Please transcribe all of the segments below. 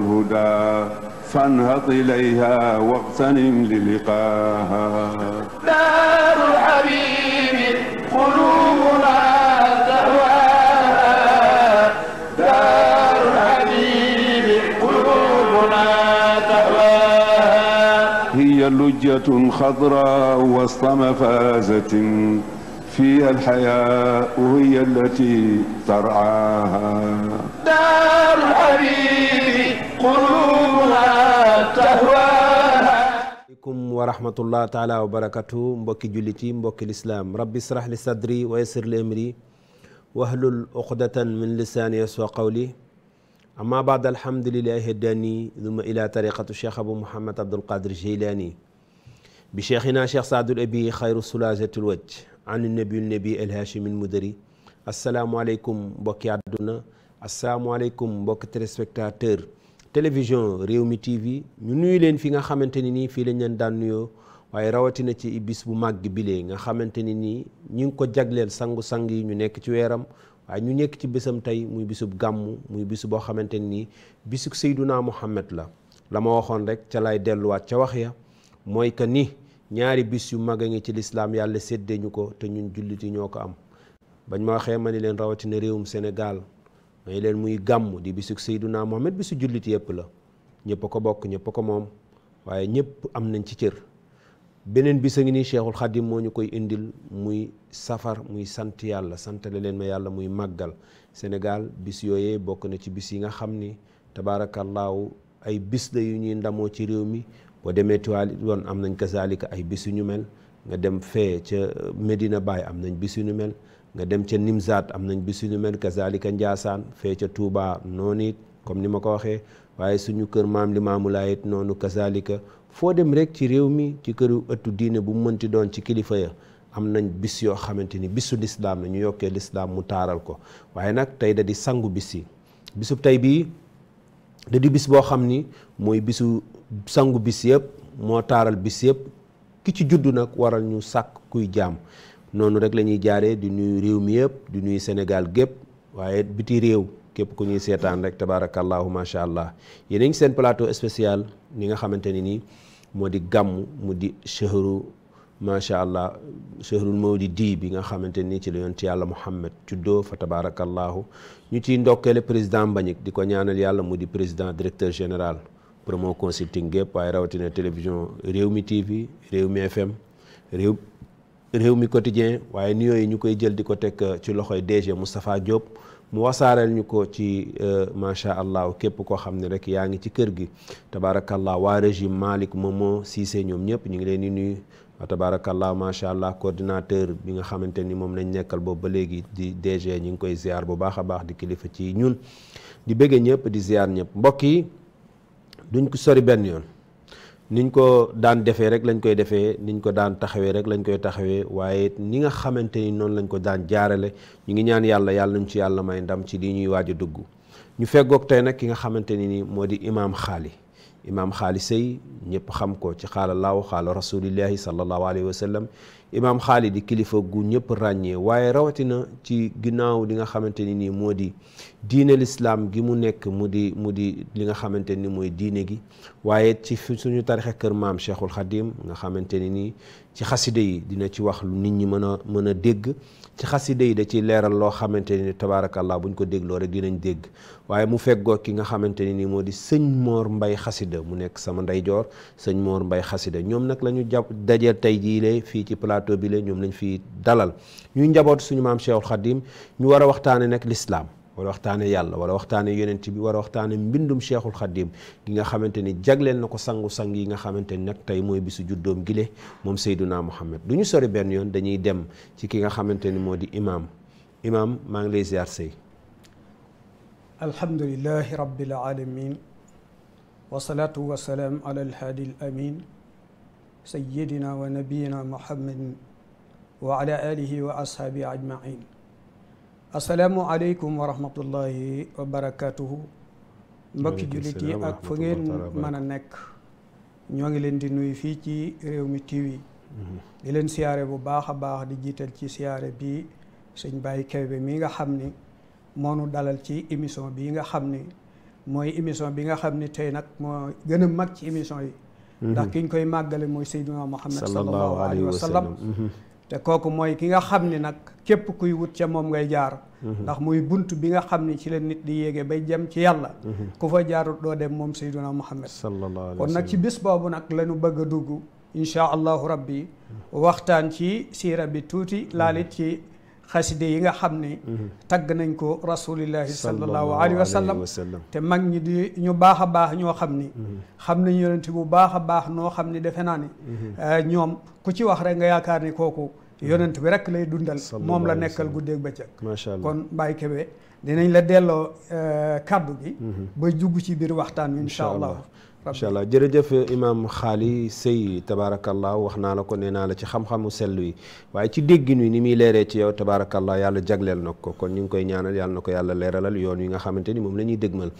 الهدى فانهض إليها واغتنم للقاها دار الحبيب قلوبنا تهواها دار الحبيب قلوبنا تهواها هي لجة خضراء وسط مفازة فيها الحياء وهي التي ترعاها دار الحبيب qulubuha tahwaha aleykum wa rahmatullah taala wa barakatu mbokki jullit yi mbokki lislaam rabbi israh li sadri wa yassir li amri wahlul uqdatan min lisaani yaswa qawli amma baad alhamdulilahi dani thumma ila tariqatu cheikh abu muhammad abdulqadir jilani bi cheikhina cheikh saadul abi xayru sulaajatul waj an nabiul nabi alhaashimil mudari asalaamaaleykum mbokki àdduna asalaamaaleykum mbokki téléspectateur télévision Rewmi TV ñu nuyu leen fi nga xamante ni nii fii lañ leen daan nuyoo waaye rawatina ci bis bu màgg bilee nga xamante ni nii ñu ngi ko jagleel sangu-sang yi ñu nekk ci weeram waaye ñu nekk ci bésam tey muy bisub gàmmu boo xamante ni nii bisu Seyduna Muhammad la la ma waxoon rek ca lay delluwaat ca wax ya mooy que ni ñaari bis yu mag a ngi ci lislaam yàlla séddee ñu ko te ñun jullit yi ñoo ko am bañ ma waxee ma ni leen rawatina réewum Sénégal may leen muy gàmm di bisu Seydunaa Muhammad bisu jullit yëpp la ñëpp a ko bokk ñëpp a ko moom waaye ñëpp am nañ ci cër beneen bis a ngi nii Cheikhul Khadim moo ñu koy indil muy safar muy sant yàlla santale leen ma yàlla muy màggal Sénégal bis yooyee bokk na ci bis yi nga xam ni tabaarakallaahu ay bis la yu ñuy ndamoo ci réew mi boo demee Tiwaawan am nañ kazaalika ay bis yu ñu mel nga dem fee ca Medina baay am nañ bis yu ñu mel. nga dem ca Nimzaat am nañ bis yu ñu mel kazalika Njaasaan fee ca Touba noonu it comme ni ma ko waxee waaye suñu kër maam Limaamu Laay it noonu kazalika foo dem rek ci réew mi ci këru ëttu diine bu mu mënti doon ci kilifa ya am nañ bis yoo xamante ni bisu lislaam la ñu yokkee lislaam mu taaral ko waaye nag tey da di sangu bis yi bisub tey bii da bis boo xam ni mooy bisu sangu bis yëpp moo taaral bis yëpp ki ci juddu nag waral ñu sàkk kuy jaam noonu rek la ñuy jaaree di nuyu réew mi yëpp di nuyu Sénégal gépp waaye biti réew képp ku ñuy seetaan rek tabaarakallaahu macha allah yéen a seen plateau spécial ñi nga xamante ne nii moo di gàmm mu di shahru macha allah shahrul mawlidi bi nga xamante nii ci la yonent yàlla Muhammad juddoo fa tabaarakallaahu ñu ciy ndokkeele président Mbagnick di ko ñaanal yàlla mu di président directeur général promo consulting gépp waaye rawatina télévision réew mi TV réew mi FM réew mi quotidien waaye nuyoo yi ñu koy jël di ko teg euh, ci loxoy DG Moustapha Diop mu wasaareel ñu ko ci euh, macha allah képp koo xam ne rek yaa ngi ci kër gi tabarakallah waa régime Malick Momo Cissé ñoom ñëpp ñu ngi leen di nuyu tabarakallah macha allah coordinateur bi nga xamante ni moom lañ nekkal boobu ba léegi di DG ñu ngi koy ziar bu baax a baax di kilifa ci ñun di bëggee ñëpp di ziar ñëpp mbokk yi duñ ko sori benn yoon. niñ ko daan defee rek lañ koy defee niñ ko daan taxawee rek lañ koy taxawee waaye ni nga xamante ni noonu lañ ko daan jaarale ñu ngi ñaan yàlla yàlla nañ ci yàlla may ndam ci li ñuy waaj a dugg ñu feggoog tey nag ki nga xamante ni nii moo di imaam xaali imaam xaali sëy ñëpp xam ko ci xaala laaw xaala rasulillahi sallallahu alayhi wa sallam imaam xaali di kilifa gu ñëpp ràññee waaye rawatina ci ginnaaw di nga xamante ni nii moo di diine lislaam gi mu nekk mu di mu di li nga xamante ni mooy diine gi waaye ci suñu tarixa kër maam cheikhul xadim nga xamante ni nii ci xaside yi dina ci wax nit ñi mën a mën a dégg ci xasida yi da ciy leeral loo xamante ni bu buñ ko dégloo rek dinañ dégg waaye mu feggoo ki nga xamante ni moo di sëñ moor Mbay xasida mu nekk sama ndeyjoor sëñ moor Mbay xasida ñoom nag la ñu jàpp dajeel tey jii le fii ci plateau bi le ñoom lañu fii dalal ñuy njaboot suñu maam Cheikhul Khadim ñu war a waxtaane nag lislaam wala waxtaane yàlla wala waxtaane yonent bi wala waxtaane mbindum cheikhul xadim gi nga xamante ni jagleel na ko sangu-sang yi nga xamante ni nag tey mooy bisu juddoom gile moom Seyduna Muhammad du ñu sori benn yoon dañuy dem ci ki nga xamante ni moo di imaam imaam maa ngi lay ziar sëy alhamdulilahi rabbil alamin wasalaatu wasalaam ala alhaadi amin sayidina wa nabiyina muhammadin wa ala wa ashaabi ajmain asalaamualeykum wa rahmatullahi wa barakaatuhu. mbokki jullit yi ak fu ngeen a nekk. ñoo ngi leen di nuyu fii ci réew Rewmi TV. Mhm. di leen siyaare bu baax a baax di jiital ci siyaare bi sëñ baay Kebe mii nga xam ni moonu dalal ci émission bi nga xam ni mooy émission bi nga xam ni tey nag moo gën a mag ci émission yi. Mhm. ndax kiñ koy màggale mooy Seydina Muhammad sallallahu alayhi wa sallam. Mhm. te kooku mooy ki nga xam ni nag képp kuy wut ca moom ngay jaar mhm. ndax muy bunt bi nga xam ni ci la nit di yéege bay jëm ci yàlla mhm. ku fa doo dem moom sayduna muhammad sallallahu kon nag ci bis boobu nag lañu bëgg a dugg incha allahu rabbi waxtaan ci siira bi tuuti laalit ci xaside yi nga xam ni mhm. tagg nañ ko rasulillahi sallallahu alayhi wa sallam te mag ñi di ñu baax a baax ñoo xam ni mhm. xam nañ yonent bu baax a baax noo xam ni defe naa ni mhm. eh, ñoom ku ci wax rek nga yaakaar ni kooku yonent bi rek lay dundal moom la nekkal guddeeg bëccëg macha allah kon Baye Kébé dinañ la delloo eh, kàddu gi ba jugg ci biir waxtaan wi incha allah incha allah jërëjëf imaam xaali sëy tabaarakallah wax naa la ko nee naa la ci xam-xamu sell yi waaye ci déggin yi ni muy leeree ci yow tabaarakallah yàlla jagleel na ko kon ñu ngi koy ñaanal yàlla na ko yàlla leeralal yoon yi nga xamante ni moom la ñuy dégmal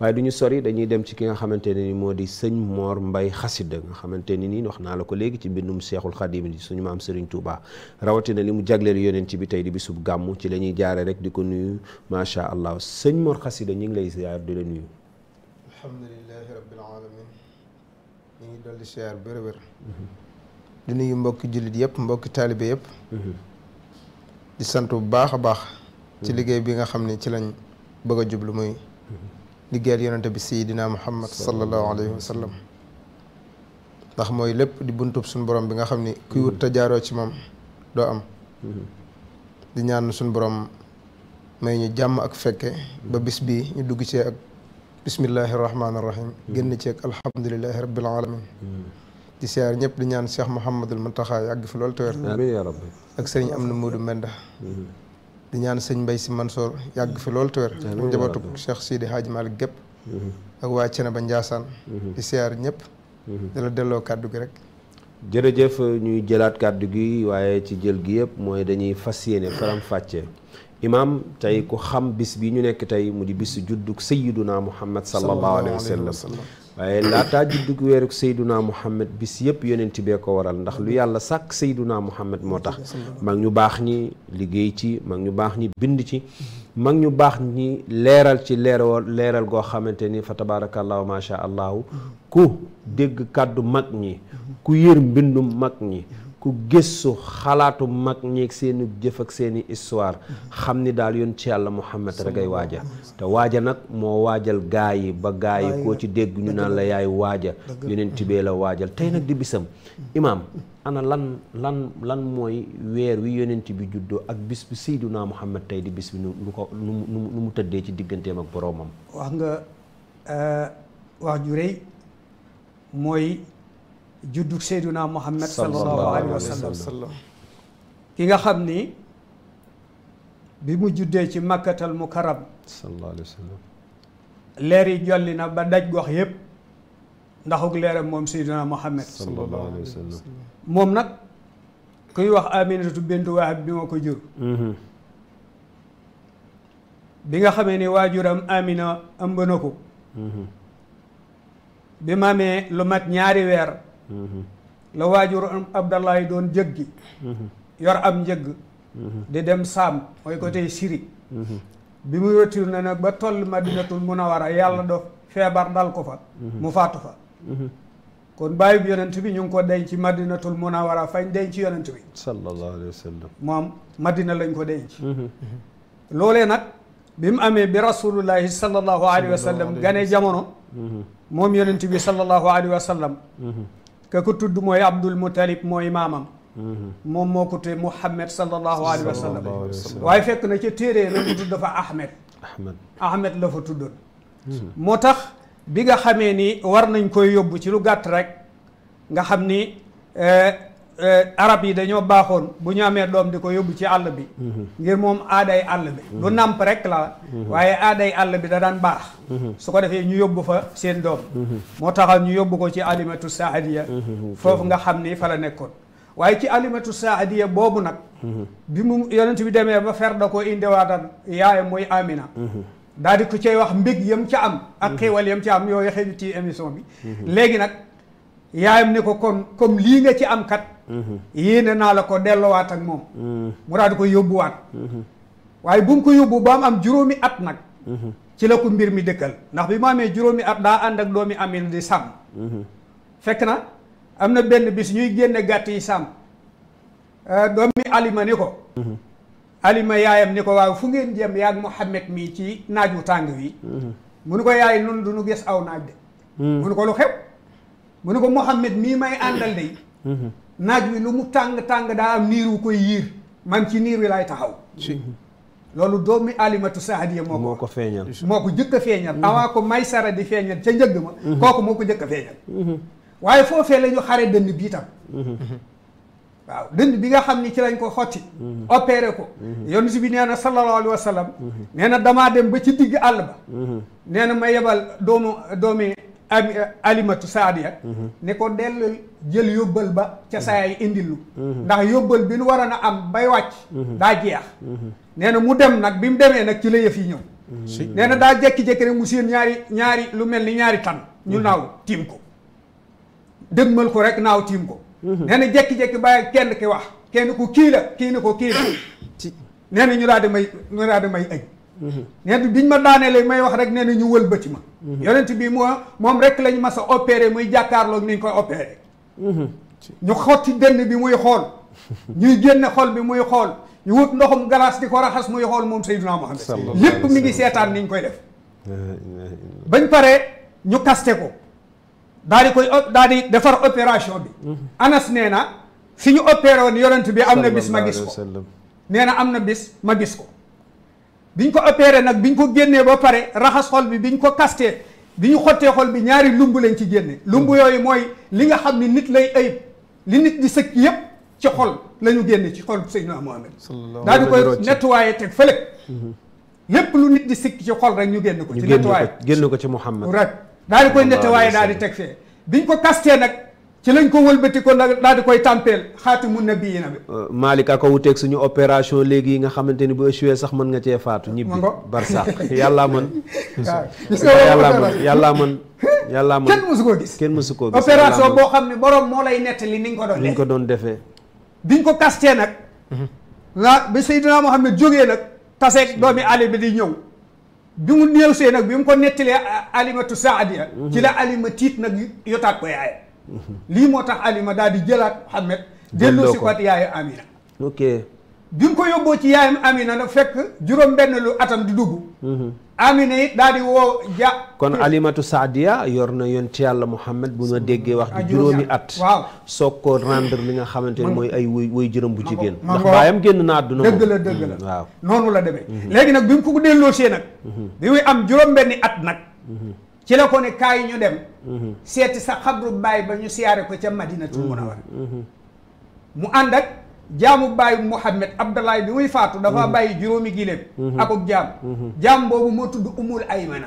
waaye du ñu dañuy dem ci ki nga xamante ne ni moo di sëñ Mor Mbay Xasida nga xamante ni nii wax naa la ko léegi ci bindum Seexul Xadim di suñu maam Serigne Touba rawatina li mu jagleel ci bi tey di bisub gàmmu ci la ñuy jaare rek di ko nuyu macha allah sëñ Mor Xasida ñu ngi lay ziar di la nuyu dolli siyaar bu wér-wér di nuyu mbokki jullit yëpp mbokki taalibe yëpp di sant bu baax a baax ci liggéey bi nga xam ne ci lañ bëgg a jublu muy liggéeyal yonente bi sayidina muhammad sallallahu alayhi wa sallam ndax mooy lépp di buntub suñu boroom bi nga xam ni kuy wut te ci moom doo am di ñaan suñu borom may ñu jàmm ak fekke ba bis bi ñu dugg ci ak bismillahi rahmaani rahim hmm. génn ceeg alhamdulilahi rabbil alamin hmm. di siyaar ñëpp di ñaan Cheikh Mouhamadul Muntaxa yàgg fi loolu tawér ak sëriñ am na Moodu Menda hmm. di ñaan sëñ Mbay Si Mansoor yàgg fi loolu tawér ak njabootu Cheikh Sidi Hadji Malick gépp ak waa Cene ba Njaasaan di siyaar ñëpp di delloo kàddu gi rek jërëjëf ñuy jëlaat kàddu gi waaye ci jël gi yëpp mooy dañuy fas yéene faram fàcce imaam tey ku xam bis bi ñu nekk tey mu di bisu juddug sayyiduna muhammad sallallahu alayhi wa sallam waaye laataa juddug weerug sayyiduna muhammad bis yëpp yonent bee ko waral ndax lu yàlla sàkk sayyiduna muhammad moo tax mag ñu baax ñi liggéey ci mag ñu baax ñi bind ci mag ñu baax ñi leeral ci leeral leeral goo xamante ni fa tabaarakallaahu ma sha allahu ku dégg kàddu mag ñi ku yër mbindum mag ñi ku gëstu xalaatu mag ñeeg seeni jëf ak seeni histoire xam ni daal yoon ci yàlla Muhammad rek ay waaja te waaja nag moo waajal gaa yi ba gaa yi koo ci dégg ñu naan la yaay waaja yeneen tibee la waajal tey nag di bisam imaam ana lan lan lan mooy weer wi yonent bi juddoo ak bis bi Seydina Muhammad tey di bis bi nu nu ko nu mu tëddee ci digganteem ak boroomam. wax nga euh, wax ju mooy juddug Seyduna Muhammad sallallahu alayhi wa sallam ki nga xam ni bi mu juddee ci makkatal mukarram sallallahu alayhi leer yi jolli na ba daj gox yépp ndaxuk leeram moom Seyduna Muhammad sallallahu alayhi wa moom nag kuy wax Aminatu bintu Wahab bi ma ko jur mhm. bi nga xamee ni waajuram Amina ëmb na ko mhm. bi ma amee lu mat ñaari weer la waajur Abdallahi doon jëggi yor am njëgg di dem saam ko côté siri bi mu retourné nag ba toll madinatul munawara yàlla dof feebar dal ko fa mu faatu fa kon bàyyi bi yonent bi ñu ngi ko denc madinatul munawara fay denc yonent bi sallallahu alayhi wa sallam moom madina lañ ko denc loolee nag bi mu amee bi rasulullahi sallallahu alayhi wa sallam gane jamono moom yonent bi sallallahu alayhi wa sallam ka ko tudd mooy Abdul Muttalib mooy maamam. moom moo ko te Muhammad sallallahu alayhi wa sallam. waaye fekk na ca téere la tudd dafa Ahmed. Ahmed Ahmed la fa tuddoon. Hmm. moo tax bi nga xamee ni war nañ koy yóbbu ci lu gàtt rek nga xam ni. Eh, Eh, arab yi dañoo baaxoon bu ñu amee doom di ko yóbbu ci àll bi mhm. ngir moom aaday àll bi du mhm. nàmp rek la mhm. waaye aaday àll bi da daan baax su ko defee ñu yóbbu fa seen doom moo taxal ñu yóbbu ko ci alimatu saadiya foofu nga xam ni fa la nekkoon waaye ci alimatu saadiya boobu nag bi mu yonent bi demee ba fer da koo indiwaatal yaayam muy amina daal di ku cee wax mbég yam ca am ak xéewal yam ca am yooy xëju ci émission bi léegi nag yaayam ne ko kon comme lii nga ci am kat mhm. yéene naa la ko dellowaat ak moom mhm. mu di ko yóbbuwaat mhm. waaye bu ko yóbbu ba mu am juróomi at nag ci la ko mbir mi dëkkal ndax bi mu amee juróomi at daa ànd ak doomi amin di sàmm fekk na am na benn bis ñuy génne gàtt yi sàmm euh, doomi alima ni ko alima yaayam ni ko waa fu ngeen jëm mu Mouhamed mii ci naaj wu tàng wi mu ni ko yaay nun du nu gis aw naaj de mu ni ko lu xew mu ne ko Mouhamed mii may àndal day naaj wi lu mu tàng-tàng daa am niir wu koy yiir man ci niir wi laay taxaw loolu doomi alimatu sahadiya moo ko moo ko feeñal moo ko jëkk a feeñal mm-hmm. avant ko may sara di feeñal ca njëgg ma mm-hmm. kooku moo ko jëkk a feeñal mm-hmm. waaye foofee la ñu xare dënn bi itam waaw dënd bi nga xam ni ci lañ ko xotti opéré ko yonent bi nee na sallallahu alayhi wa na damaa dem ba ci digg àll ba nee na ma yebal doomu doomi ami alimatu saadiya ne ko dell jël yóbbal ba ca mhm. sayaay indilu mhm. ndax yóbbal bi nu war a am bay wàcc mhm. daa jeex nee na mu dem nag bi mu demee nag ci la yëf yi ñëw nee na daa jékki-jékki rek mu seen ñaari ñaari lu mel ni ñaari tan ñu naaw tiim ko dëgmal ko rek naaw tiim ko nee na jékki-jékki bàyyi kenn ki wax kenn ku kii la kii ni ki kii la nee na ñu daal di may ñu daal di may ëj ñett biñ ma daanelee may wax rek nee na ñu wëlbati ma. Mhm. yonent bi moo moom rek lañ ma a opéré muy jàkkaarloog ni ñu koy opéré. Mhm. ñu xotti dënn bi muy xool. ñuy génn xol bi muy xool. ñu wut ndoxum galaas di ko raxas muy xool moom Seydina Muhammad lépp mi ngi seetaan ni ñu koy def. bañ paree ñu kaste ko. daal di koy daal di defar opération bi. Mhm. Anas nee na fi ñu opéré woon yonent bi am na bis ma gis ko. nee na am na bis ma gis ko. biñ ko opéré nag bi ñu ko génnee ba pare raxas xol bi ñu ko kastee bi ñu xottee xol bi ñaari lumb lañ ci génne lumb mm-hmm. yooyu mooy li nga xam ni nit lay ayib li nit di sëkk yépp ci xol la ñu génne ci xol Seydina Muhammad daal di koy nettoyé teg fële mm-hmm. lépp lu nit di sikk ci xol rek ñu génn ko ci nettoyé génn ko ci Muhammad rek daal di koy nettoyé daal di teg fee biñ ko kastee nag ci lañ ko wëlbati ko nag daal di koy tàmpeel xaatimu nabiyina bi euh, Malick ko wuteeg suñu opération léegi yi nga xamante ni bu échoué sax mën nga cee faatu ñibbi barsax yàllaa mën yàllaa mën yàllaa mën yàllaa mën kenn mësu koo gis kenn mësu koo gis boo xam ne borom moo lay nettali ni nga ko doon ni nga ko doon defee biñ ko kastee nag mhm. la bi Seydina Mohamed jógee nag taseeg mhm. doomi Ali bi di ñëw bi mu néew see nag bi mu ko nettalee alimatu saadiya mhm. ci la alima nag yotaat ko lii moo tax Alima daal di jëlaat Mouhamed delloo si waat yaayu Amina ok bi ko yóbboo ci yaayam Amina na fekk juróom benn lu di dugg mhm. Amina it daal di woo ja kon Alimatu Saadiya yor na yonti yàlla Mouhamed bu ma déggee wax di juróomi at waaw soog ko rendre li nga xamante ne mooy ay wuy wuy juróom bu jigéen ndax baayam génn na àdduna dëgg la dëgg la mhm, waaw noonu la demee mhm. léegi nag bi mu ko delloo nag bi muy am juróom benni at nag ci la ko ne kaay ñu dem mhm. seeti sa xabru baay ba ñu siyaare ko ca madinatul mhm. munawwara mhm. mu ànd ak jaamu baayu Muhammad Abdallah bi muy faatu dafa bàyyi juróomi giléem akub jaam jaam boobu moo tudd umul aymana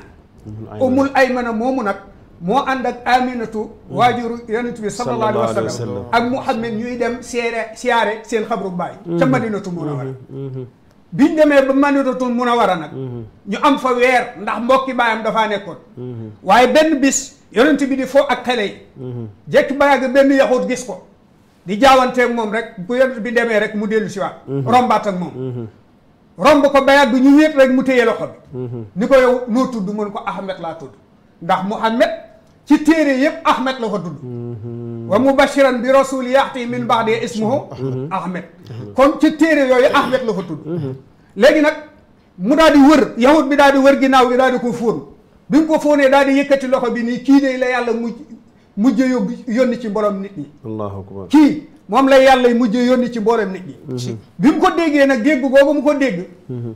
umul aymana moomu nag moo ànd ak aminatu waajuru yonent bi sallallahu alayhi wa sallam ak Muhammad ñuy dem siyaare siyaare seen xabru baay ca madinatul munawwara biñ demee ba mënatatul mun a war a nag mhm. ñu am fa weer ndax mbokki baayam dafaa nekkoon mhm. waaye benn bis yonent bi di fo ak xale yi mhm. jekki ba yàgg benn yaxut gis ko di jaawanteeg moom rek bu yonent bi demee rek mu dellu si waat rombaat ak moom romb ko ba yàgg ñu wéet rek mu téye loxo bi ni ko yow noo tudd mën ko Ahmed laa tudd ndax mu Muhammad ci téere yëpp Ahmed la ko tudd wa mubashiran bi rasul yaxti min baadi ismuhu ahmed kon ci téere yooyu ahmed la fa tudd léegi nag mu daal di wër yahut bi daal di wër ginnaaw bi daal di ko fóon bi ko fóonee daal di yëkkati loxo bi nii kii day la yàlla mujj mujj yóbbu yónni ci mbooloom nit ñi kii moom lay yàlla mujj yónni ci mbooloom nit ñi mhm. bi mu ko déggee nag dégg boobu mu ko dégg mhm.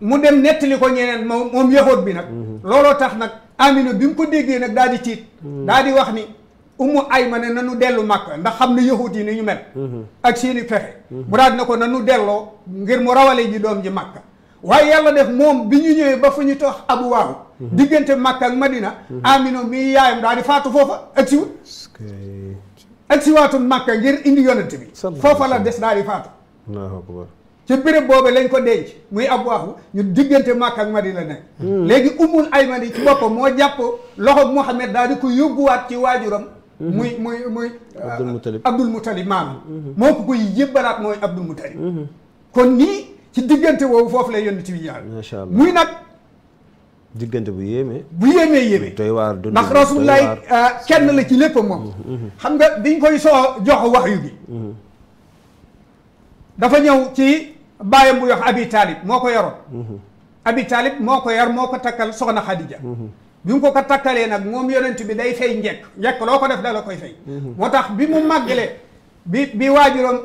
mu dem nettali ko ñeneen moom moom yahut bi nag mhm. looloo tax nag amina bi mu ko déggee nag daal di tiit daal di wax ni umu ay ma ne nanu dellu màkk ndax xam ne yahut yi ni ñu mel mhm. ak seeni fexe bu mhm. daal ne ko nanu delloo ngir mu rawale ji doom ji màkk waaye yàlla def moom bi ñu ñëwee ba fu ñu tox abu mhm. diggante màkk ak madina amino mi yaayam daal di faatu foofa ak si wut ak si waatu màkk ngir indi yonent bi foofa la des daal di faatu ci béréb boobu lañ ko denc muy ab waaxu ñu diggante Màkka ak Madina nekk léegi umul aymani ci boppam moo jàpp loxo Muhammad daal di ko yóbbuwaat ci waajuram Mm-hmm. muy muy muy. Abdul ah, Muttalib Abdul mm-hmm. moo ko koy yëbbalaat mooy Abdul Muttalib. Mm-hmm. kon nii ci diggante woowu foofu lay yónni ci biir yàlla. macha muy nag. diggante bu yéeme. bu yéeme yéeme. doy waar doy waar ndax Rasulullah kenn la ci lépp moom. xam nga biñ koy soo jox waxyu bi. dafa ñëw ci baayam bu yox Abi Talib moo ko yoroon. Abi Talib moo ko yar moo ko takkal Soxna Xadija. bi mu ko ko takkalee nag moom yonent bi day fay njekk njekk loo ko def da la koy fay moo tax bi mu màggalee bi bi waajuram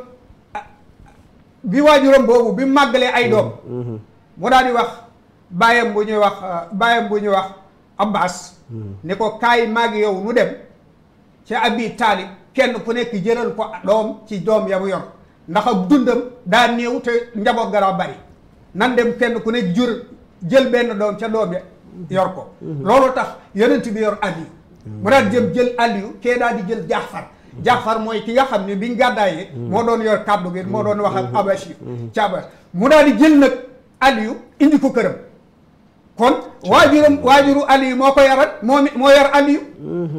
bi waajuram boobu bi mu màggalee ay doom mu daal di wax bàyyam bu ñuy wax bàyyam bu ñuy wax Abbas ni ko kaay maag yow nu dem ca Abi Taalib kenn ku nekk jëral ko doom ci doom ya mu yor ndax ab dundam daa néew te njaboot gara bari nan dem kenn ku nekk jur jël benn doom ca doom ya yor ko mhm. loolu tax yonent bi yor aliyu mhm. mu daan jëm jël aliyu kee daal di jël jaafar mhm. jaafar mooy ki nga xam ne biñ gàddaayee moo doon yor kàddu gi moo doon wax ak abash mu daal di jël nag aliyu indi ko këram kon waajuram waajuru aliyu moo ko yaral moo moo aliyu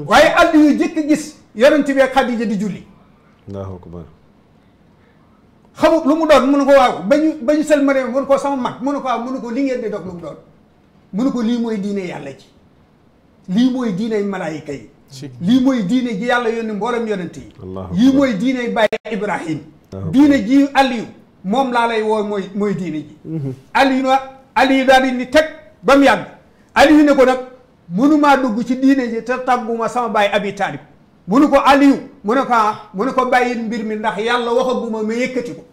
waaye aliyu jëkk gis yonent bi ak xadija di julli allahu akbar lu mu doon mënu ko waaw ba ñu ba ñu ko sama mag mënu ko waaw mënu ko li ngeen di dog lu mu doon mu ko lii mooy diine yàlla ji lii mooy diiney malaayika yi lii mooy diine ji yàlla yónni mboolem yonent yi yii mooy diiney bàyyi ibrahim diine ji aliyu moom laa lay woo mooy mooy diine ji mhm. aliyu na aliyu daal di ni teg ba mu yàgg aliyu ne ko nag mënumaa dugg ci diine ji te tàgguma sama baay abi taalib mu ko aliyu mu ne ko ah, mu ne ko bàyyil mbir mi ndax yàlla waxaguma ma yëkkati ko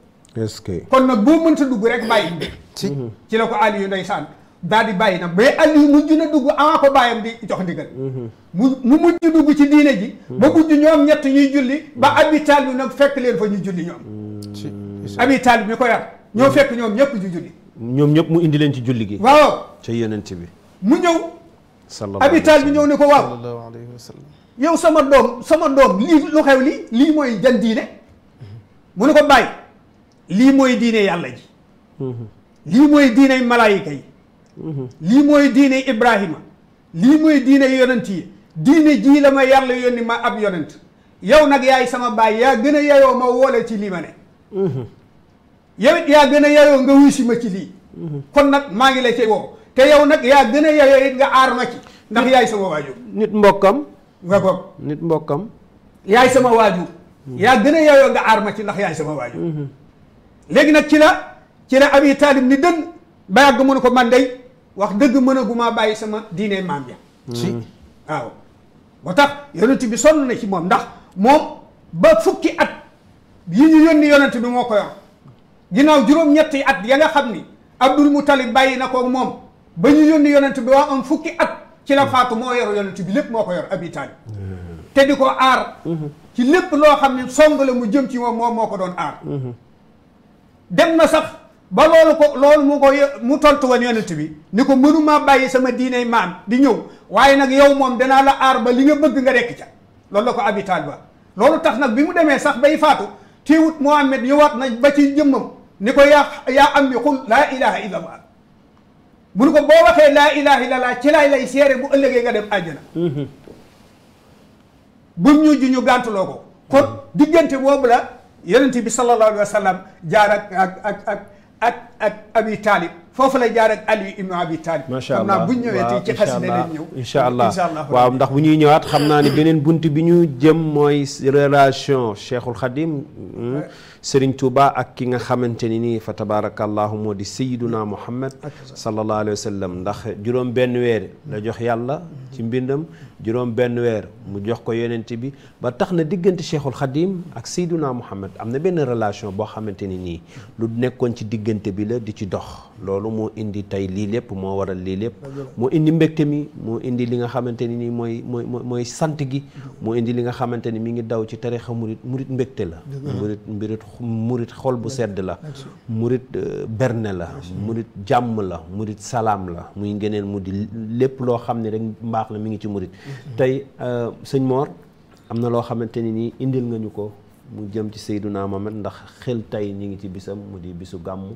est-ce que kon nag boo dugg rek bàyyi mbir ci la ko aliyu ndeysaan daal di bàyyi nag mais Aliou mujj na dugg a ko bàyyam di jox ndigal mhm. mu mu mujj dugg ci diine ji mhm. ba mujj ñoom ñett ñuy julli ba mhm. Abi Taalib nag fekk leen fa ñu julli ñoom Abi Taalib mi ko yar ñoo ñëpp ñu julli ñoom ñëpp mu indi leen ci julli gi waaw ca yonent bi mu ñëw Abi Taalib bi ñëw ne ko waaw yow sama doom sama doom lii lu xew lii mooy jan diine mu ne ko bàyyi lii mooy diine yàlla ji lii mooy diiney malaayika yi lii mooy diine Ibrahima lii mooy diine yonent yi diine jii la ma yàlla yónni ma ab yonent yow nag yaay sama baay yaa gën a yayoo ma woole ci lii ma ne yow yaa gën a yayoo nga si ma ci lii kon nag maa ngi la ci woo yow nag yaa gën a yayoo it aar ma ci ndax yaay sama waajur nit mbokkam nga ko nit mbokkam yaay sama waajur yaa gën a yayoo nga aar ma ci ndax yaay sama waajur mm-hmm. léegi nag ci la ci la abi taalib ni dën ba yàgg mu ko man day wax dëgg mënaguma bàyyi sama diine maam ya si hmm. waaw moo tax yonent bi sonn na ci moom ndax moom ba fukki at yi ñu yónni yonent bi moo ko yor ginnaaw juróom-ñetti at ya nga xam ni Abdul Muttalib bàyyi na kook moom ba ñu yónni yonent bi waa am fukki at ci la faatu moo yor yonent bi lépp moo ko yor Abi Taalib hmm. te di ko aar hmm. ci lépp loo xam ne song mu jëm ci moom moom moo ko doon aar dem na sax ba loolu ko loolu mu ko mu tontu woon yonent bi ni ko mënuma bàyyi sama diiney maam di ñëw waaye nag yow moom danaa la aar ba li nga bëgg nga rekk ca loolu la ko Abi Taalib ba loolu tax nag bi mu demee sax bay faatu tiiwut Muhammad ñëwaat na ba ci jëmmam ni ko yaa yaa am bi xul laa ilaha illa allah mu ni ko boo laa ilaha ci laay lay seere bu ëllëgee nga dem àjjana bu ñu ji ñu gàntuloo ko kon diggante boobu la yonent bi sallallahu alayhi wa sallam jaar ak ak ak ak ak abi taalib foofu la jaar ak Ali ibnu abi taalib macha allah xam naa bu ñu ñëwee tey ci xasida leen ñëw incha allah waaw ndax bu ñuy ñëwaat xam naa ni beneen bunt bi ñu jëm mooy relation cheikhul xadim hmm, Serigne Touba ak ki nga xamante ni nii fa tabaarakallahu moo di sayiduna muhammad sallallahu alayhi wa ndax juróom benn weer la jox yàlla ci mbindam juróom benn weer mu jox ko yonent bi ba tax na diggante cheikhul xadim ak sayduna muhammad am na benn relation boo xamante ni nii lu nekkoon ci diggante bi la di ci dox loolu moo indi tey lii lépp moo waral lii lépp moo indi mbégte mi moo indi li nga xamante ni nii mooy mooy mooy sant gi moo indi li nga xamante ni mi ngi daw ci tarixa murit murit mbégte la murit mbirit murit xol bu sedd la murit euh, berne la murit jàmm la murit salaam la muy ngeneen mu di lépp loo xam ne rek mbaax la mu ngi ci murit tey euh, sëñ Mor am na loo xamante ni nii indil nga ñu ko mu jëm ci Seydunaa Muhammad ndax xel tey ñi ngi ci bisam mu di bisu gàmmu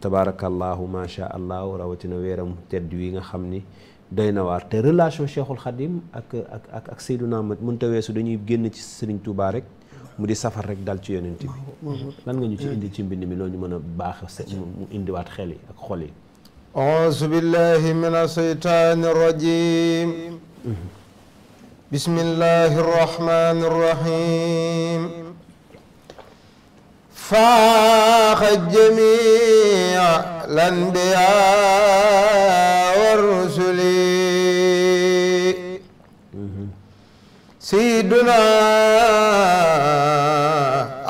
tabaarakallaahu macha allah rawatina weeram tedd wi nga xam ni doy na waar te relation Cheikhul Khadim ak ak ak ak Seydunaa Muhammad mënta weesu dañuy génn ci Sëriñ Tuubaa rek mu di safar rek dal ci yonent bi lan nga ñu ci indi ci mbind mi loo ñu mën a baax mu indiwaat xel yi ak xol yi auzu billahi min asheytaani rajim بسم الله الرحمن الرحيم فاخ الجميع الأنبياء والرسل سيدنا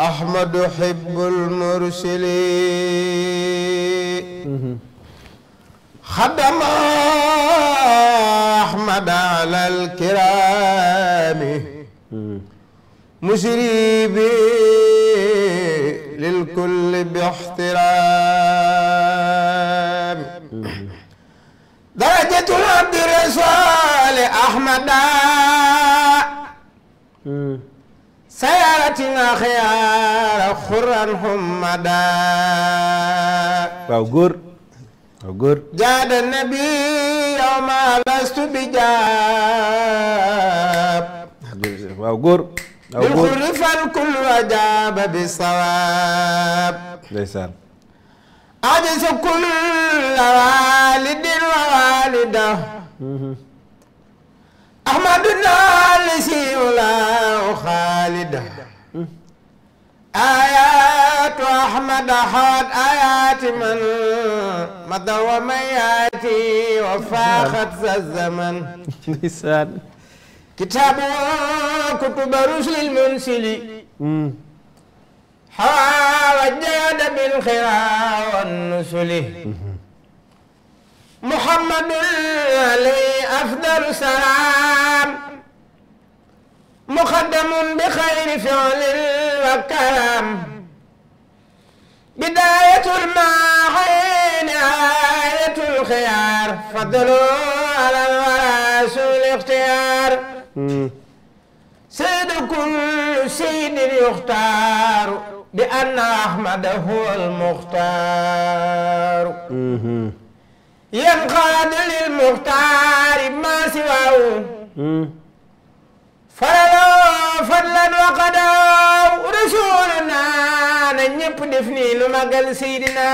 أحمد حب المرسلين خدما محمد على الكرام مشريبي للكل باحترام درجة العبد رسول أحمد سيارتنا خيار خرا حمدا waaw góor góor jaada nabi yow ma lastu bi jaab waaw góor bil xurri fan kul wa jaaba bi sawaab ndeysaan ajisa kul la walidin wa walida mm-hmm. ahmadu naa li siiw laa xaalida آيات أحمد أحد آيات من مضى ومن يأتي وفاخت الزمن لسان كتاب كتب رسل المنسل حوى وجد بالخيرى والنسل محمد عليه أفضل سلام muqaddamun bi xayri fi'lin wa karam bidayatul maaxayn ayatul xiyaar fadlu ala rasul ixtiyaar sayyidu kulli sayyidin yuxtaaru bi anna ahmada huwa almuxtaaru yanqaadu lilmuxtaari maa siwaahu falaloo fadlan wa qadaw rasulana na ñëpp def nii lu magal seydina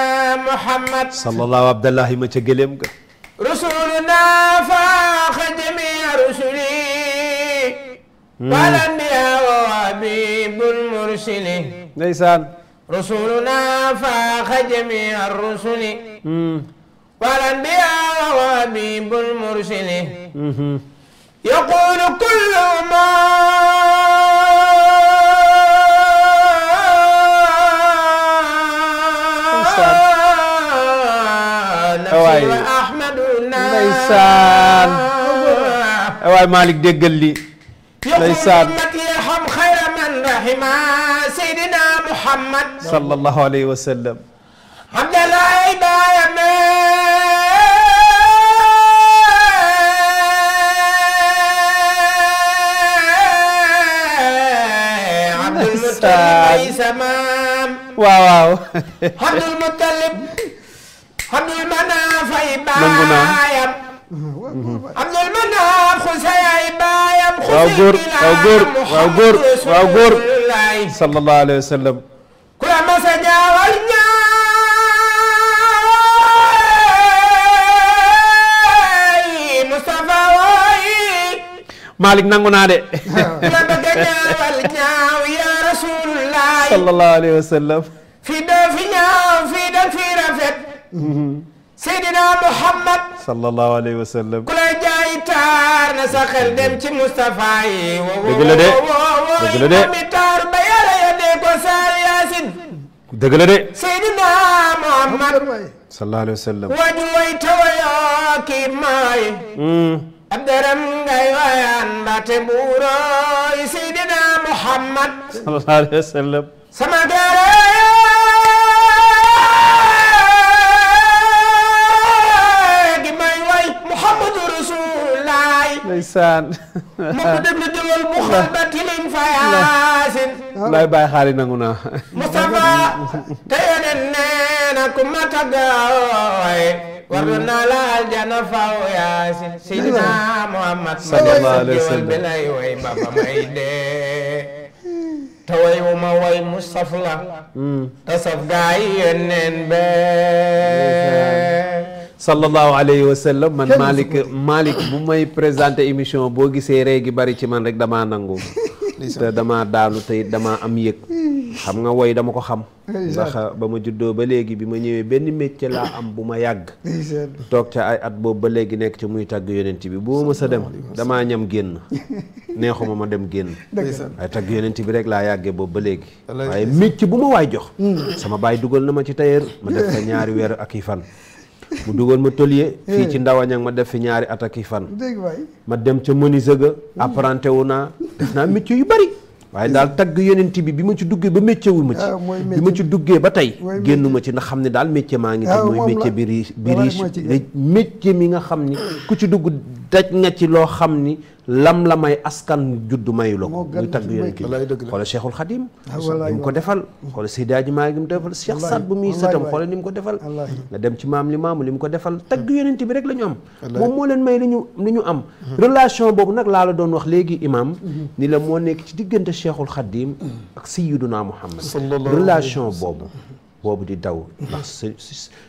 muhammad sallallahu abdallahi ma ca gëléem ga rasuluna faaxa jamia rusuli hmm. walanbiya wa habibul mursili ndeysaan rasuluna faaxa jamia rusuli hmm. walanbiya wa habibul mursili hmm. يقول كل ما nafsi ahmadu ndeysaan waay Malick déggal li ndeysaan xam xayra man rahima sayyidina Muhammad sallallahu alayhi wa sallam ay samaam waaw waaw Abdul Muttalib Abdul Manaaf ay baayam Abdul Manaaf Xusay ay baayam waaw góor waaw góor waaw góor waaw góor sallallahu alayhi wa sallam ku la mas a jaawal ñaay Mustafa wooy Malick nangu naa de ku la mas a jaawal ñaaw sallallahu alayhi wa sallam fii de fi ñaaw fii de fii rafet mm-hmm. Seydina Muhammad sallallahu alayhi wa sallam ku lay jaay taar na sa xel dem ci Moustapha yi dëgg la de dëgg la de mi taar ba yàlla yónnee ko saar yaasin dëgg la de Seydina Muhammad sallallahu alayhi wa sallam waju way tawayaa kii maay mm. ab dërëm ngay wayaan mbaate buurooy Seydina Muhammad sallallahu alayhi wa sallam sama gaare gi may way Muhammadu Rasulullaay ndeysaan mu ko fa yaasin lay bàyyi xaali nangu Mustafa te yeneen nee na ku ma taggaway war na la Muhammad sallallahu alayhi wa sallam bi lay way baba te way ma way mu saf la hmm. te saf gaa yi yenneen be sallallahu alayhi wa sallam man Malick bu may présenté émission boo gisee ree gi bari ci man rek damaa nangu te damaa daanu te damaa am yëg xam nga woy dama ko xam ndax ba ma juddoo ba léegi bi ma ñëwee benn métier laa am bu ma yàgg toog ca ay at boobu ba léegi nekk ci muy tàgg yonent bi boo ma sa dem damaa ñam génn neexuma ma dem génn waaye tàgg yonent bi rek laa yàggee boobu ba léegi waaye métier bu ma waay jox hmm. sama baay dugal na ma ci tailleur ma def fa ñaari weer ak i fan mu dugal ma tëlier eh. fii ci ndawañang ma def fi ñaari ataki fan ma dem ca menuisier ga apprenti wu naa def naa métier yu bari waaye daal tagg yeneen bi bi ma ci duggee ba métier ma ci ah, bi ma ci duggee ba tey génn ma ci ndax xam ne daal métier maa ngi te ah, mooy métier bi riche bi riche métier mi nga xam ni ku ci dugg daj nga ci loo xam ni lam la may askan juddu mayu la ko muy tagg yéen kii xoolal Cheikhul Khadim ah, ni mu ko defal xoolal Seydi Hadji Malick gi mu ko defal Cheikh Saad bu muy sëtam xoolal ni mu ko defal nga dem ci maam li maamu li mu ko defal hmm. tagg yonent bi rek la ñu am moom moo leen may li ñu ñu am hmm. relation boobu nag laa la doon wax léegi imam hmm. ni la moo nekk ci diggante Cheikhul Khadim ak Sayyiduna Muhammad relation boobu boobu di daw ndax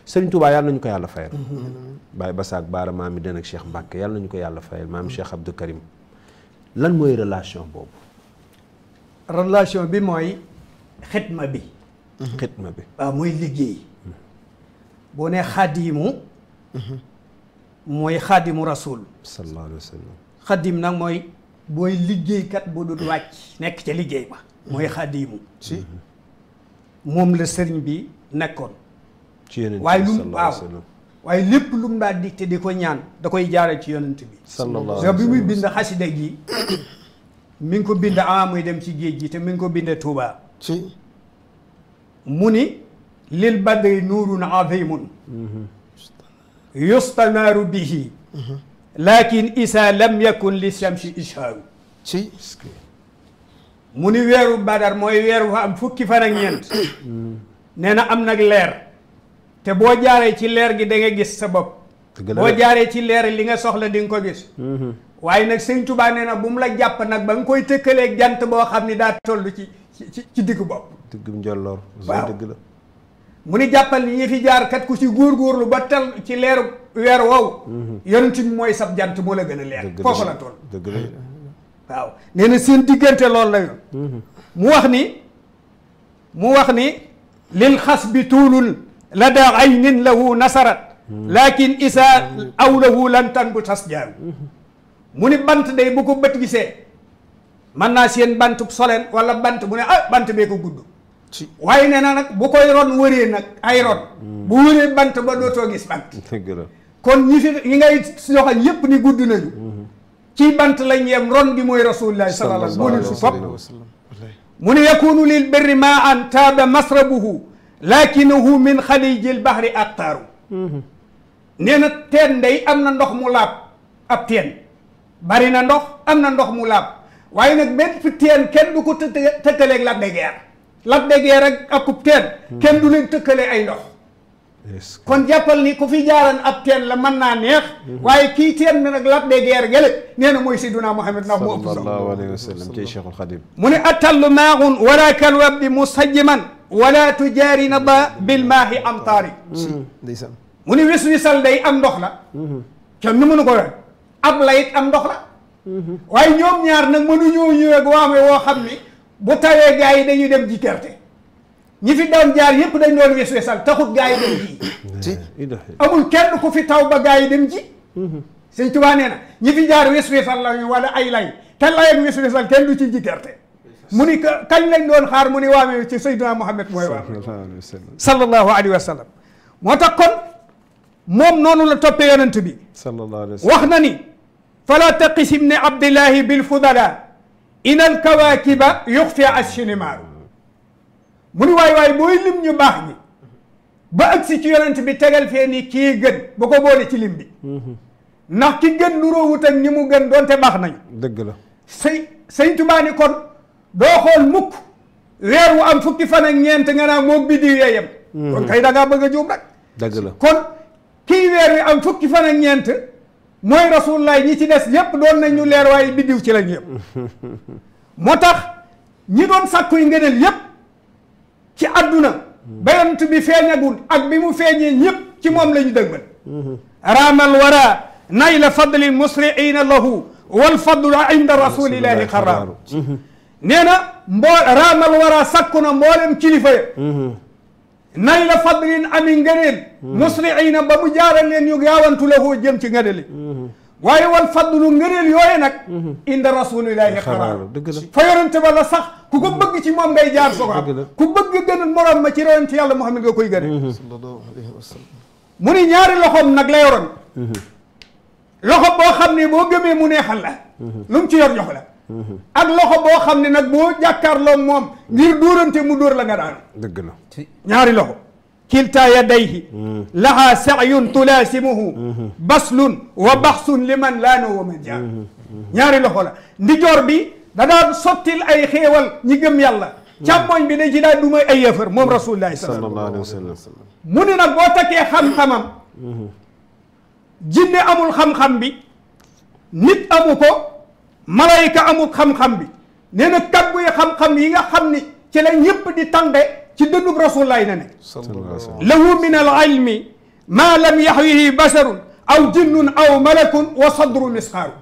sëriñ Touba yàlla nañu ko yàlla fayal Baye Basak Baara maam mi den ak Cheikh Mbacke yàlla nañu ko yàlla fayal maam Cheikh Abdou Karim lan mooy relation boobu relation bi mooy xitma bi mm-hmm. xitma bi waaw mooy liggéey boo ne xaadimu mooy xaadimu rasul sallallahu alayhi wa sallam xaadim nag mooy booy liggéeykat bu dul wàcc nekk ca liggéey ba mooy xaadimu si moom la sëriñ bi nakkoon ci yeneen waaye lu mu waaw waaye lépp lu mu daal di ko ñaan da koy jaaree ci yonent bi. sallallahu alayhi bi muy bind xasida gi dem ci géej gi te mi ngi ko bindee Touba. mu ni. lil badri nuurun azimun mhm. yustanaaru bihi. Mhm. lakin isa lam yakun li shamsi ishaaru. mu ni weeru badar mooy weer fa am fukki fan ak ñeent mm. nee na am nag leer te boo jaaree ci leer gi da gis sa bopp boo jaaree ci leer li nga soxla di nga ko gis mm-hmm. waaye nag sëñ Tuubaa nee na bu mu la jàpp nag ba nga koy tëkkalee jant boo xam ni daa toll ci ci ci diggu bopp diggu njolloor waaw dëgg la mu ni jàppal ni ñi fi jaar kat ku ci góorgóorlu ba tal ci leer weer woow mm-hmm. yonent bi mooy sab jant moo la gën a leer foofu la toll dëgg waaw nee na seen diggante loolu la mu wax ni mu wax ni lil xas bi tuulul la da ay aynin lahu nasarat lakin isaa awlahu lan tan bu tas jaaru mu ni bant day bu ko bët gisee man naa seen bantub soleen wala bant bu ne ah bant bee ko gudd waaye nee na nag bu koy ron wëree nag ay ron bu wëree bant ba dootoo gis bant kon ñi fi ñi ngay joxal yépp ni gudd nañu ci bant lañ yem ron gi mooy rasulullah sallallahu alayhi wa sallam moo leen si topp mu ne yakunu lil birri ma an taaba masrabuhu lakinahu min xalijil bahri attaaru nee na teen day am na ndox mu laab ab teen bari na ndox am na ndox mu laab waaye nag bépp teen kenn du ko të tëkkaleeg Lac de Guiers Lac kenn du leen tëkkale ay ndox kon jàppal ni ku fi jaaran ab teen la man naa neex mhm. waaye kii teen bi nag lat de guerre gele nee na mooy sayyiduna Muhammad ndax moo ëpp sallallahu alayhi wa sallam ci Cheikhul Khadim mu ne atallu maaun wala kal wabdi musajjiman wala tujaari na ba bil maahi amtaari mm. Mm. ndeysaan mu ne wis wisal day am ndox la ca mm-hmm. ni mënu ko ab layit am ndox la mm-hmm. waaye ñoom ñaar nag mënuñoo ñëwee waame woo xam ni bu tawee gars yi dañuy dem ji gerte ñi fi daan jaar yëpp dañ doon wees weesal taxut gaa dem ji amul kenn ku fi taw ba gaa yi dem ji sëñ Tuubaa nee na ñi fi jaar wees weesal la ñu wala ay lay te lay ak wees weesal kenn du ci jikkarte mu ni kañ lañ doon xaar mu ni waame ci Seydina Muhammad mooy waame sallallahu alayhi wa sallam moo tax kon moom noonu la toppee yonent bi wax na ni fala taqisim ne abdillahi bilfudala ina alkawakiba yuxfi ashinimaaru mu ni waay waay booy lim ñu baax ñi ba agsi ci yonent bi tegal fee ni kii gën bu ko boole ci lim bi mhm. ndax ki gën nuroowut ak ñi mu gën doonte baax nañu dëgg la sëy sëñ Tuubaa ni kon doo xool mukk weer wu am fukki fan ak ñeent nga naa moog bi diw yeyam mhm. kon kay bëgg a juum rek dëgg la kon kii weer wi am fukki fan ak ñeent mooy rasulullah ñi ci des yépp doon nañu leer waaye biddiw ci lañu yëpp moo tax ñi doon sàkkuy ngëneel yépp ci àdduna mm-hmm. ba yonent bi feeñagul ak bi mu feeñee ñëpp ci moom la ñu dëgmal mm-hmm. raamal wara nay la fadli lahu wal fadlu inda rasulillahi xaraaru mm-hmm. nee na mboo raamal wara sakku na mboolem kilifa ya nay la fadlin ami ngëneel musriina bu mu jaaral leen ñu gaawantu lahu jëm ci ngëneel waaye wal fadlu ngëneel yooye nag mhm. inda rasulillahi xaraar fa yonente ba la sax ku ko bëgg ci moom ngay jaar soga ku bëgg gënal morom ma ci reen yàlla Muhammad nga koy gëne mhm. sallallahu alayhi wa sallam mu ni ñaari loxo nag la yoroon mhm. loxo boo xam ne boo gëmee mu neexal la lu ci yor jox loxo boo xam ne nag boo jàkkaarloo moom ngir dóorante mu dóor la nga daanu dëgg ñaari loxo كلتا يديه لها سعي تلاسمه بسل وبحث لمن لا نوم جاء ñaari loxo la ndijoor bi da daan sottil ay xéewal ñi gëm yàlla càmmoñ bi da ci daan du may ay yëfër moom rasulullahi sallallahu mu ne nag boo takkee xam jinne amul xam bi nit amu ko malayka amul xam-xam bi nee na kàggu yi xam-xam yi nga xam ni ci ñëpp di tande ci dënnub rasulullahi na ne lahu min al ilmi ma lam yaxwihi basarun aw jinnun aw malakun wa sadru misxaaru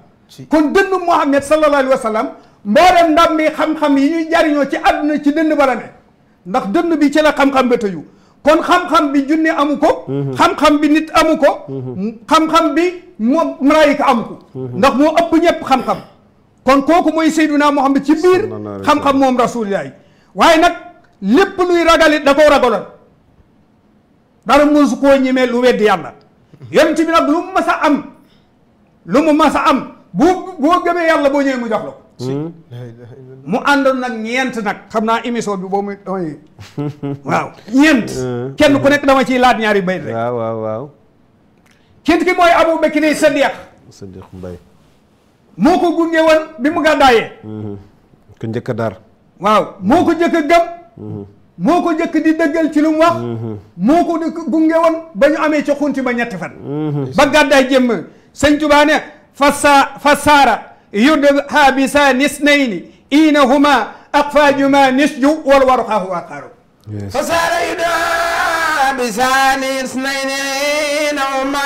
kon dënnub Muhammad sallallahu alayhi wa sallam mboolem ndam mi xam-xam yi ñuy jariñoo ci àdduna ci dënn ba la ne ndax dënn bi ci la xam-xam ba tëju kon xam-xam bi junne amu ko mhm. xam-xam bi nit amu ko mhm. xam-xam bi moom malaayika amu ko mhm. ndax moo ëpp ñëpp xam-xam kon kooku mooy Seydunaa Muhammad ci biir xam-xam moom rasulillah waaye nag lépp luy ragalit da koo ragaloon dara mosu koo ñemee lu weddi yàlla yonent bi nag lu mu masa am lu mu mas am boo boo gëmee yàlla boo ñëwee mu jox la ko hmm? mu àndoon nag ñeent nag xam naa émission bi boo muy waaw ñeent hmm. kenn ku nekk dama ci laaj ñaari bay rek ki mooy Abu Bakri Sadiq Sadiq Mbaye moo ko gunge woon bi mu gàddaayee hmm. ku njëkk dar waaw moo ko njëkk gëm moo ko njëkk di dëggal ci lu mu wax moo ko gunge ba ñu amee ci xunti ba ñetti fan ba gàddaay jëmm sëñ Tuubaa ne fasa fasaara yud habisa nis nayni iina huma aqfaajuma nis ju wal waru xaahu aqaaru fasaara yud habisa nis nayni iina huma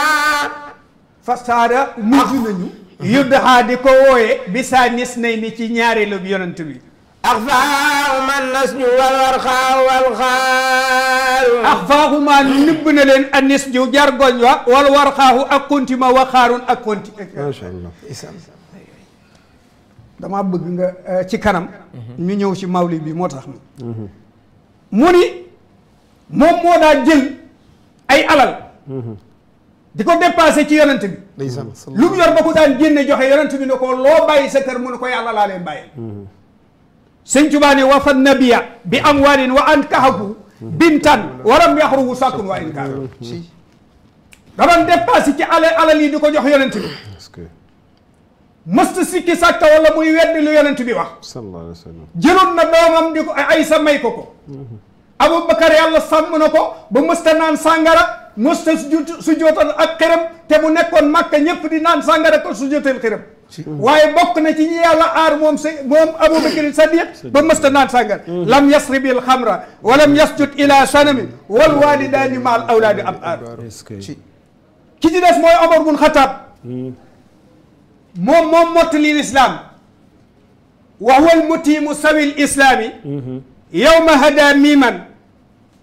fasaara mujj nañu yudd xaa di ko wooye bisa nis ci ñaari bi yonent axfaahuma nasju wal warxaaw wal xaaru axfaahuma nëbb na leen a nasju jargoñ wa wal warxaahu ak konti ma wa xaarun ak konti macha allah bëgg nga eh, ci kanam mhm. ñu ñëw ci mawli bi moo tax ma mhm. mu ni moom moo daa jël ay alal mhm. di ko dépassé ci yonent bi lu mu yor ba ko daan génne joxe yonent bi ne ko loo bàyyi sa kër ko yàlla laa leen sëñ Tuubaa ne wafa nabiya bi amwaalin wa an waram yaxruhu sàkkun wa in kaana daman dépassé ci ale alal yi di ko jox yonent bi mësta sikki sàkka wala muy weddi lu wax sallallahu na doomam di ko ay sa may ko ko mhm. Abubakar yàlla sàmm na ko ba mos ta su jootal ak xërëm te mu nekkoon màkka ñëpp di naan sàngara ko su jootal xërëm waaye bokk na ci ñi yàlla aar moom sa moom aboubacar sadiq ba mësta naan sàngar mm-hmm. lam yasribil xamra walam yasjud ila sanami wal walidaani maal awlaadi ab aar ki ci des mooy omar bun xataab mm-hmm. moom moom mottali lislaam wa huwa almutiimu sawil islaami mm-hmm. yowma hada miiman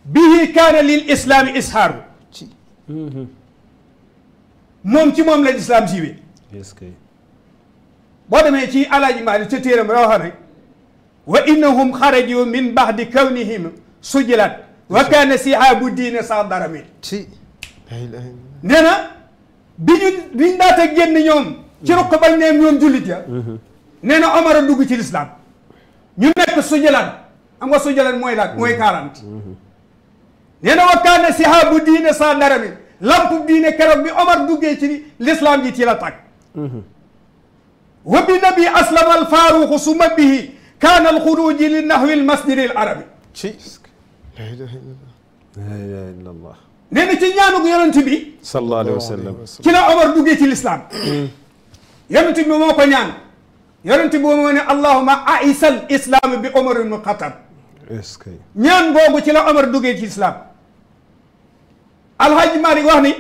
bihi kaana lil islaami ishaaru moom mm-hmm. ci moom la lislaam siiwee boo demee ci alaaji maali ca téeram rawaxane wa innahum xaraju min baxdi kawnihim sujilat wa kaana sihaabu diine sa daramit nee na bi ñu bi ñu daata génn ñoom ci ruq bañ neem ñoom jullit ya mm-hmm. nee na omar dugg ci lislaam ñu nekk sujilat am nga sujilat mooy laaj mooy mm-hmm. quarante nee na wa kaana sihaabu diine sa daramit lamp diine keroog bi Omar duggee ci l'islam ji ci la tàkk wa bi nabi aslama alfaaruqu suma bihi kaana alxuruji li nahwi almasjidi al arabi ci la ilaha illa allah nee na ci ñaanug yonent bi sallallahu alayhi wa sallam ci la Omar duggee ci l'islam yonent bi moo ko ñaan yonent bi moo ne allahuma aisal islam bi Omar ibnu Xatab ñaan boobu ci la Omar duggee ci l'islam alhaaji Maalik wax ni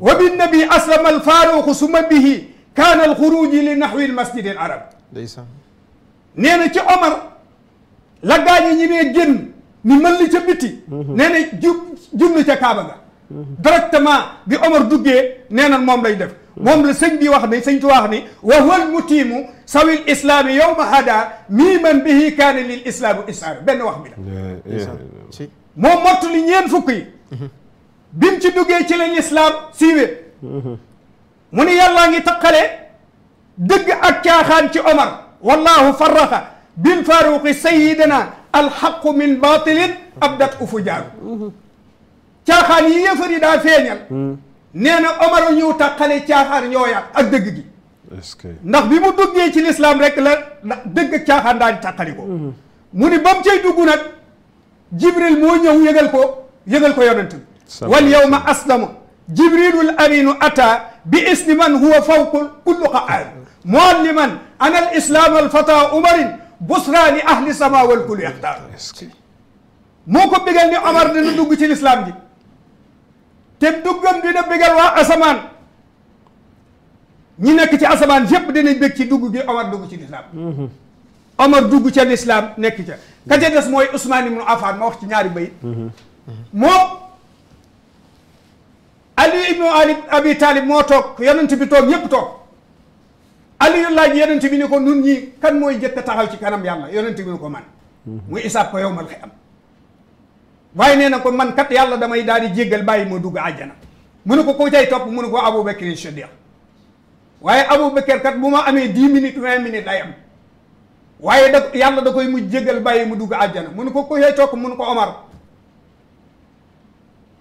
wa bin nabi aslama al faaruqu suma bihi kaana al xuruuji li naxwi al masjid al arab nee na ci Omar la gaañi ñi nee génn ni mën li ca bitti mhm. nee na ju jublu ca Kaaba ga mhm. directement bi Omar duggee nee na moom lay def mhm. moom la sëñ bi wax ni sëñ tu wax ni wa huwa al mutiimu sawil islaami yowma hada mii man bihi kaana lil islaamu isaar benn wax bi la moom mottu li ñeen fukk yi bi ci duggee ci leen lislaam siiwee mu ngi taqale dëgg ak caaxaan ci omar wallahu farraxa bin faruqi sayidana alxaqu min batilin abdat ufu jaaru caaxaan yi yëfar yi daa feeñal nee na omar ñëw taqale caaxaan ñooyaat ak dëgg gi ndax bi mu duggee ci lislaam rek la dëgg ak caaxaan daa di taqali ko mu ni ba mu cay dugg nag jibril moo wal yawma aslama jibrilul aminu ata bi isni man huwa fawqa kullu qaal mualliman ana al islam al fata umarin busra li ahli sama wal kulli yaxtaar moo ko bégal ni omar dina dugg ci lislaam ji te duggam dina bégal waa asamaan ñi nekk ci asamaan yépp dinañ bég ci dugg gi omar dugg ci lislaam mhm. omar dugg ca lislaam nekk ca ka mooy usmaan ibnu afaan ma wax ci ñaari bayit mhm. moom ali ibnu ali abi taalib moo toog yonent bi toog ñëpp toog aliyu laaj yonent bi ni ko nun ñi kan mooy jëkk a taxaw ci kanam yàlla yonent bi ni ko man mhm. mu isaab ko yow mal xiyam waaye nee na ko man kat yàlla damay daal di jéggal bàyyi ma dugg àjjana mu ne ko ku cay topp mu ne ko aboubacar siddiq waaye aboubacar kat bu ma amee dix minutes vingt minutes lay am waaye da yàlla da koy mu jéggal bàyyi mu dugg àjjana mu ne ko ku cay topp ko omar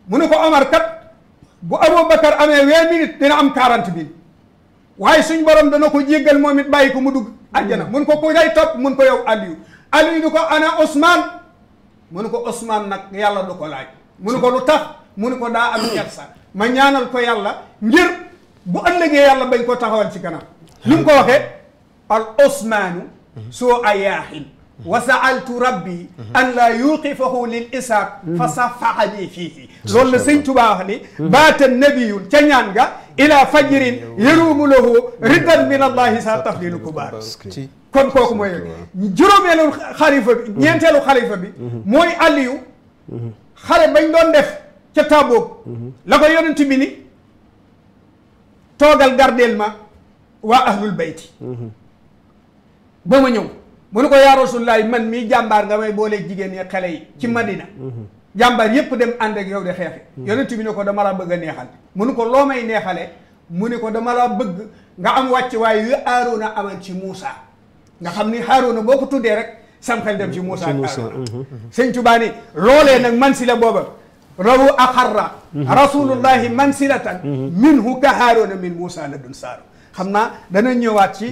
mu ne ko omar kat bu Aboubacar amee vingt minutes dina am quarante mille waaye suñ borom dana ko jéggal moom it bàyyi ko mu dugg àjjana mun ko ku day topp mun ko yow Aliou Aliou du ko ana Ousmane munu ko Ousmane nag yàlla du ko laaj munu ko lu tax munu ko daa am kersa ma ñaanal ko yàlla ngir bu ëllëgee yàlla bañ ko taxawal ci kanam. li ko waxee al Ousmaanu soo a yaaxin wa saaltu rabbi an laa yuqifahu lil isaab fa safaxani fiihi loolu la sëñ Tuubaa wax ni baata nabiyun ca ñaan nga ila fajrin yaruumu lahu ridan min allahi sa taflilu kubaar kon kooku mooy juróomeelu xalifa bi ñeenteelu xalifa bi mooy Aliyu xale bañ doon def ca Tabuk la ko yonent bi ni toogal gardeel ma waa ahlul bayti ba ma ñëw mu ne ko yaa rasulaay man mii jàmbaar nga may booleeg jigéen ñi xale yi ci mm-hmm. Madina mm-hmm. jàmbaar yépp dem ànd ak yow di xeexi mm-hmm. yonent bi ne ko dama la bëgg a neexal mu ko loo may neexale mu ne ko dama la bëgg nga am wàcc waaye yu Haaruna amal ci Muusa nga xam ni Haaruna boo ko tuddee rek sam xel dem ci Muusa ak Haaruna sëñ Tuubaa ni loolee nag man si la booba rawu axarra rasulullahi mansilatan minhu ka Haaruna min Muusa la dun saaru xam naa dana ñëwaat ci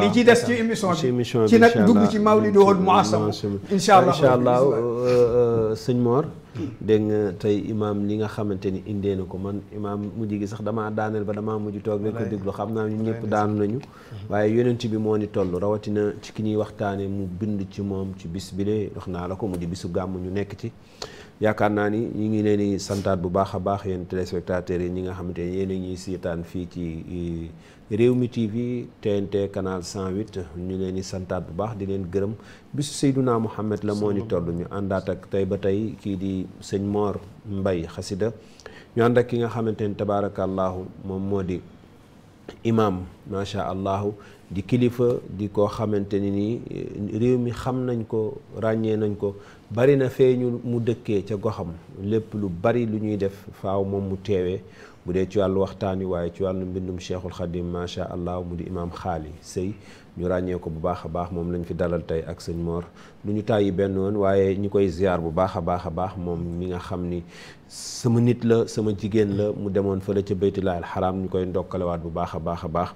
li ci des ci émission bi ci nag dugg ci mawlidu woon mu asam incha allah incha allah euh, euh, euh, sëñ Mor dégg nga tey imaam li nga xamante ni indee na ko man imaam mujj gi sax damaa daaneel ba damaa mujj toog rek ko xam naa ñun ñëpp daanu nañu mm-hmm. waaye yonent bi moo ni tollu rawatina ki ñuy waxtaane mu bind ci moom ci bis bi bile wax naa la ko mu bisu gàmm ñu nekk ci yaakaar naa ni ñu ngi leen di santaat bu baax a baax yéen téléspectateurs yi ñi nga xamante ne yéen a ñuy seetaan fii ci eh, Rewmi TV TNT canal 108 ñu leen di santaat bu baax di leen gërëm bisu Seydouna Mouhamed la moo ni toll ñu àndaat ak tey ba tey di sëñ Mor Mbay xasida ñu ànd ki nga xamante ni tabaarakallaahu moom moo di imaam macha allahu di kilifa di koo xamante ni nii eh, réew mi xam nañ ko ràññee nañ ko bari na fee ñu mu dëkkee ca goxam lépp lu bari lu ñuy def faaw moom mu teewee bu dee ci wàllu waxtaan wi waaye ci wàllu mbindum cheikhul xadim macha allah mu di imaam xaali sëy ñu ràññee ko bu baax a baax moom lañu fi dalal tey ak sëñ moor lu ñu tàyyi benn woon waaye ñu koy ziar bu baax a baax a baax moom mi nga xam ni sama nit la sama jigéen la mu demoon fële ca baytullah al xaraam ñu koy ndokkalewaat bu baax a baax a baax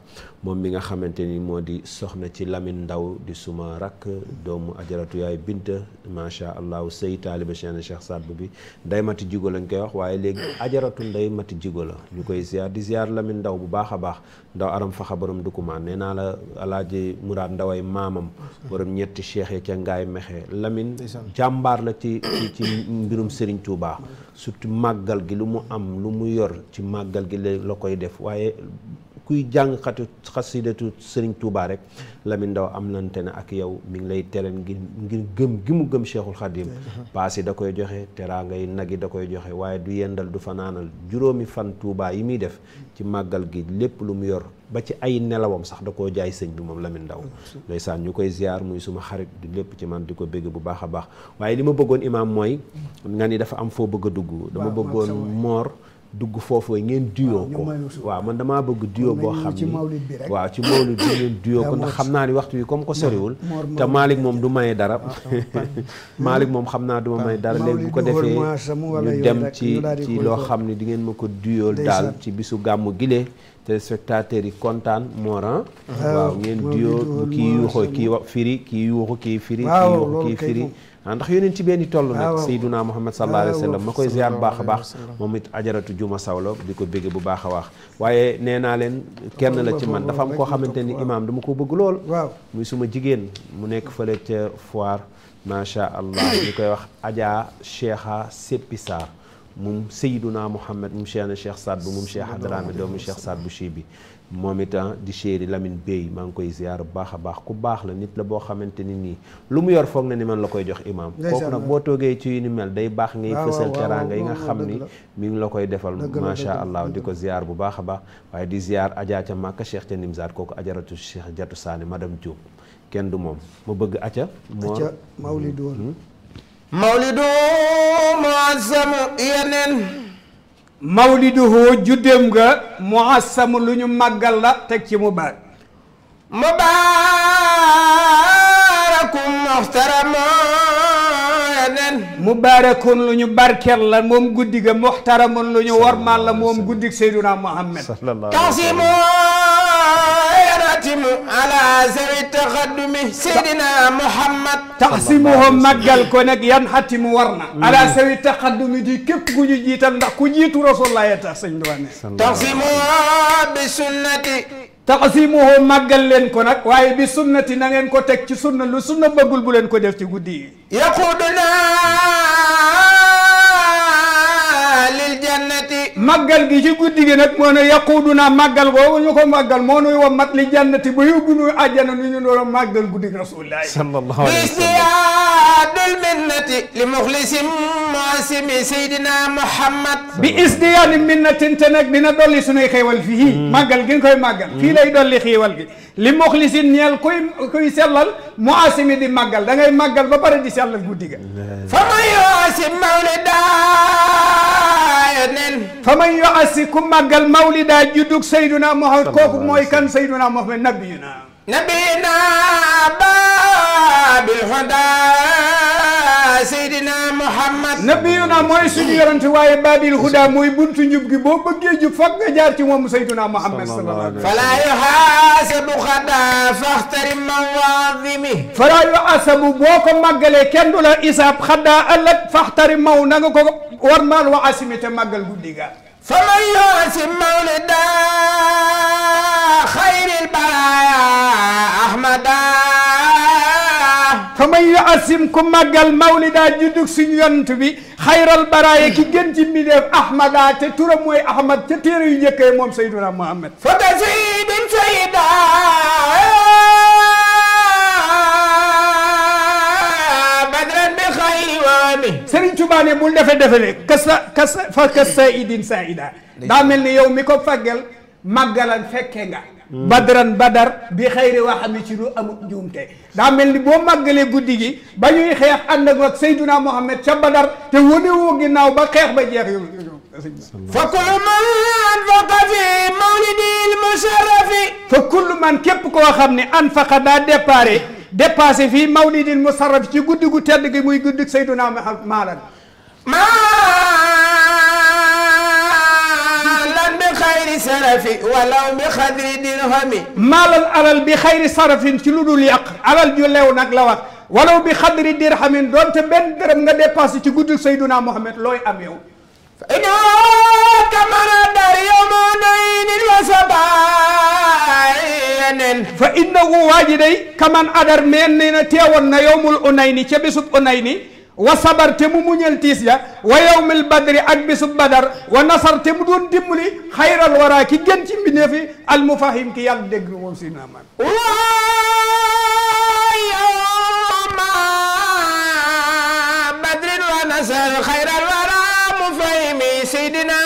moom mi nga xamante ni moo di soxna ci lamin Ndaw di suma rakk doomu ajaratu yaay Binta macha allahu sëy taaliba Cheikh Cheikh Sadbu bi nday mati jigo lañ koy wax waaye léegi ajaratu nday mati jigo la ñu koy ziar di ziar lamin Ndaw bu baax a baax ndaw aram faxa borom dukumaan nee naa la alaaji Muraad ay maamam boroom ñetti cheikh ya ca ngaay mexe Lamine jàmbaar la ci ci mbirum Serigne Touba ci màggal gi lu mu am lu mu yor ci màggal gi la koy def waaye kuy jàng xatu xasidatu sëriñ Touba rek Lamine Ndaw am lante ne ak yow mi ngi lay teral ngir ngir gëm gi mu gëm Cheikhul Khadim mm-hmm. paas yi da koy joxe te teraanga yi nag yi da koy joxe waaye du yendal du fanaanal juróomi fan Touba yi muy def ci màggal gi lépp lu mu yor ba ci ay nelawam sax da koo jaay sëñ bi moom lamit Ndaw ndeysaan ñu koy ziar muy suma xarit di lépp ci man di ko bégg bu baax a baax waaye li ma bëggoon imaam mooy nga ni dafa am foo bëgg dugg dama bëggoon moor dugg foofu ngeen duyoo ko man damaa bëgg duyoo boo xam ni waaw ci mawlid bi ngeen duyoo ko ndax xam naa ni waxtu yi comme ko soriwul te Malick moom du maye dara Malick moom xam naa duma may dara léegi bu ko defee ñu dem ci loo xam ni di ngeen ma ko duyoo daal ci bisu gàmmu gile téléspectateurs yi kontaan Moran. waaw ngeen diyo kii yuuxu kii firi kii yuuxu kii firi. kii yuuxu kii ci benn ah, yonent bee ni toll nag Seyduna Muhammad sallallahu alayhi wa ma koy ziar bu baax a baax moom it ajaratu juma sawla di ko bégge bu baax a waax waaye nee naa leen kenn la ci man dafa am koo xamante ni imaam dama koo bëgg lool muy suma jigéen mu nekk fële ca foire macha allah ñu koy wax Adja Cheikha Seppi Sarr moom Seydina Mouhamed moom Cheikhna Cheikh Saad bu moom Cheikh Hadrami doomu Cheikh Saad bu Cheikh bi moom itam ah, di chéri Lamine Bey maa ngi koy ziar bu baax a baax ku baax la nit la boo xamante ni nii lu mu yor foog na ni man la koy jox imaam kooku nag boo toogee ci yu ni mel day baax ngay fësal teraanga yi nga xam ni mi ngi la koy defal macha allah di ko ziar bu baax a baax waaye di ziar Adja ca Màkka Cheikh ca Nimzaat kooku ajaratu Cheikh Jatu Saane madame Diop kenn du moom ma bëgg Aca moo Mawlid woon hmm? mawliduhu muassamu yeneen mawliduhu juddem nga muassamu lu ñu màggal la teg ci mu baat mubarakum muxtaramu yeneen mubarakun lu ñu barkel la moom guddi ga muxtaramun lu ñu warmal la moom guddi Seyduna Muhammad sallallahu الخاتم على زر التقدم سيدنا محمد تقسيمهم مجال كونك ينحتم ورنا على زر التقدم دي كيف كوجي جيتال ndax ku jiitu rasulullah ya tax señ duwane taqsimu bi sunnati taqsimuhu màggal leen ko nag waaye bi sunnati na ngeen ko teg ci sunna lu sunna bëggul bu leen ko def ci guddi yi yaquduna màggal gi ci guddi gi nag moo ne yaquduna màggal googu ñu ko màggal moo nuy wa mat li jannati ba yóbbu nu àjjana nu ñu doon màggal guddi gi rasulillahi sallallahu alayhi wa sallam istiyaadul minnati li muxlisim moasimi saydina muhammad bi istiyaadi minnatin te nag dina dolli sunuy xéewal fii hmm. màggal gi nga koy màggal fii lay dolli xéewal gi li moxlisin ñeel kuy kuy sellal mu asimi di màggal da ngay màggal ba pare di sellal guddi ga fa man yoasi mawlida nen fa man yoasi ku màggal mawlida juddug sayduna Muhammad kooku mooy kan sayduna Muhammad nabiyuna نبينا باب الهدى سيدنا محمد نبينا mooy suñu yonent waaye baabil huda mooy buntu njub gi boo bëggee jub foog nga jaar ci moom Seydina Muhammad sallallahu alayhi wa sallam fala yuhasabu xada faxtarim mawaadimi fala yuhasabu boo ko màggalee kenn du la isaab xada ëllëg faxtarim maw na nga ko war maal wa asimi te màggal guddi ga فمن يعصم مولد خير البرايا أحمدا فمن يعصم كم مجال مولد جدك سنينت بي خير البرايا كي جنت ميدف أحمدا تترى موي أحمد تترى يجيك يا موم سيدنا محمد فتزيد سيدا diwaani Serigne Touba ne bul defe defele kasa kasa fa kasa idin saa ida daa mel ni yow mi ko faggel màggalan fekke nga badran badar bi xayri waxami ci lu amut njuumte daa mel ni boo màggalee guddi gi ba ñuy xeex ànd ak Seyduna Muhammad ca Badar te wane woo ginnaaw ba xeex ba jeex yow fa kullu man anfaqa fi mawlidil musharrafi fa kullu man képp koo xam ne anfaqa daa déparé dépassé fii mawlidil musharrafi ci guddi gu tedd gi muy guddi Seydina Maalan maalan bi xayri sarafi walaw bi xadri dirhami maalan alal bi xayri sarafin ci lu dul yàq alal ju lew nag la wax walaw bi xadri dirhamin doonte benn dërëm nga dépassé ci guddi Seydina Muhammad looy am yow فإنه كمن دار يوم نين وسبعين فإنه واجدي كمن أدر من نين تيوان يوم wa sabar te mu muñal tiis ya wa badri ak bisub badar wa nasar te mu doon dimbali xayral waraa ci mbindeef yi al mufahim ki yàlla dégg moom si man seydina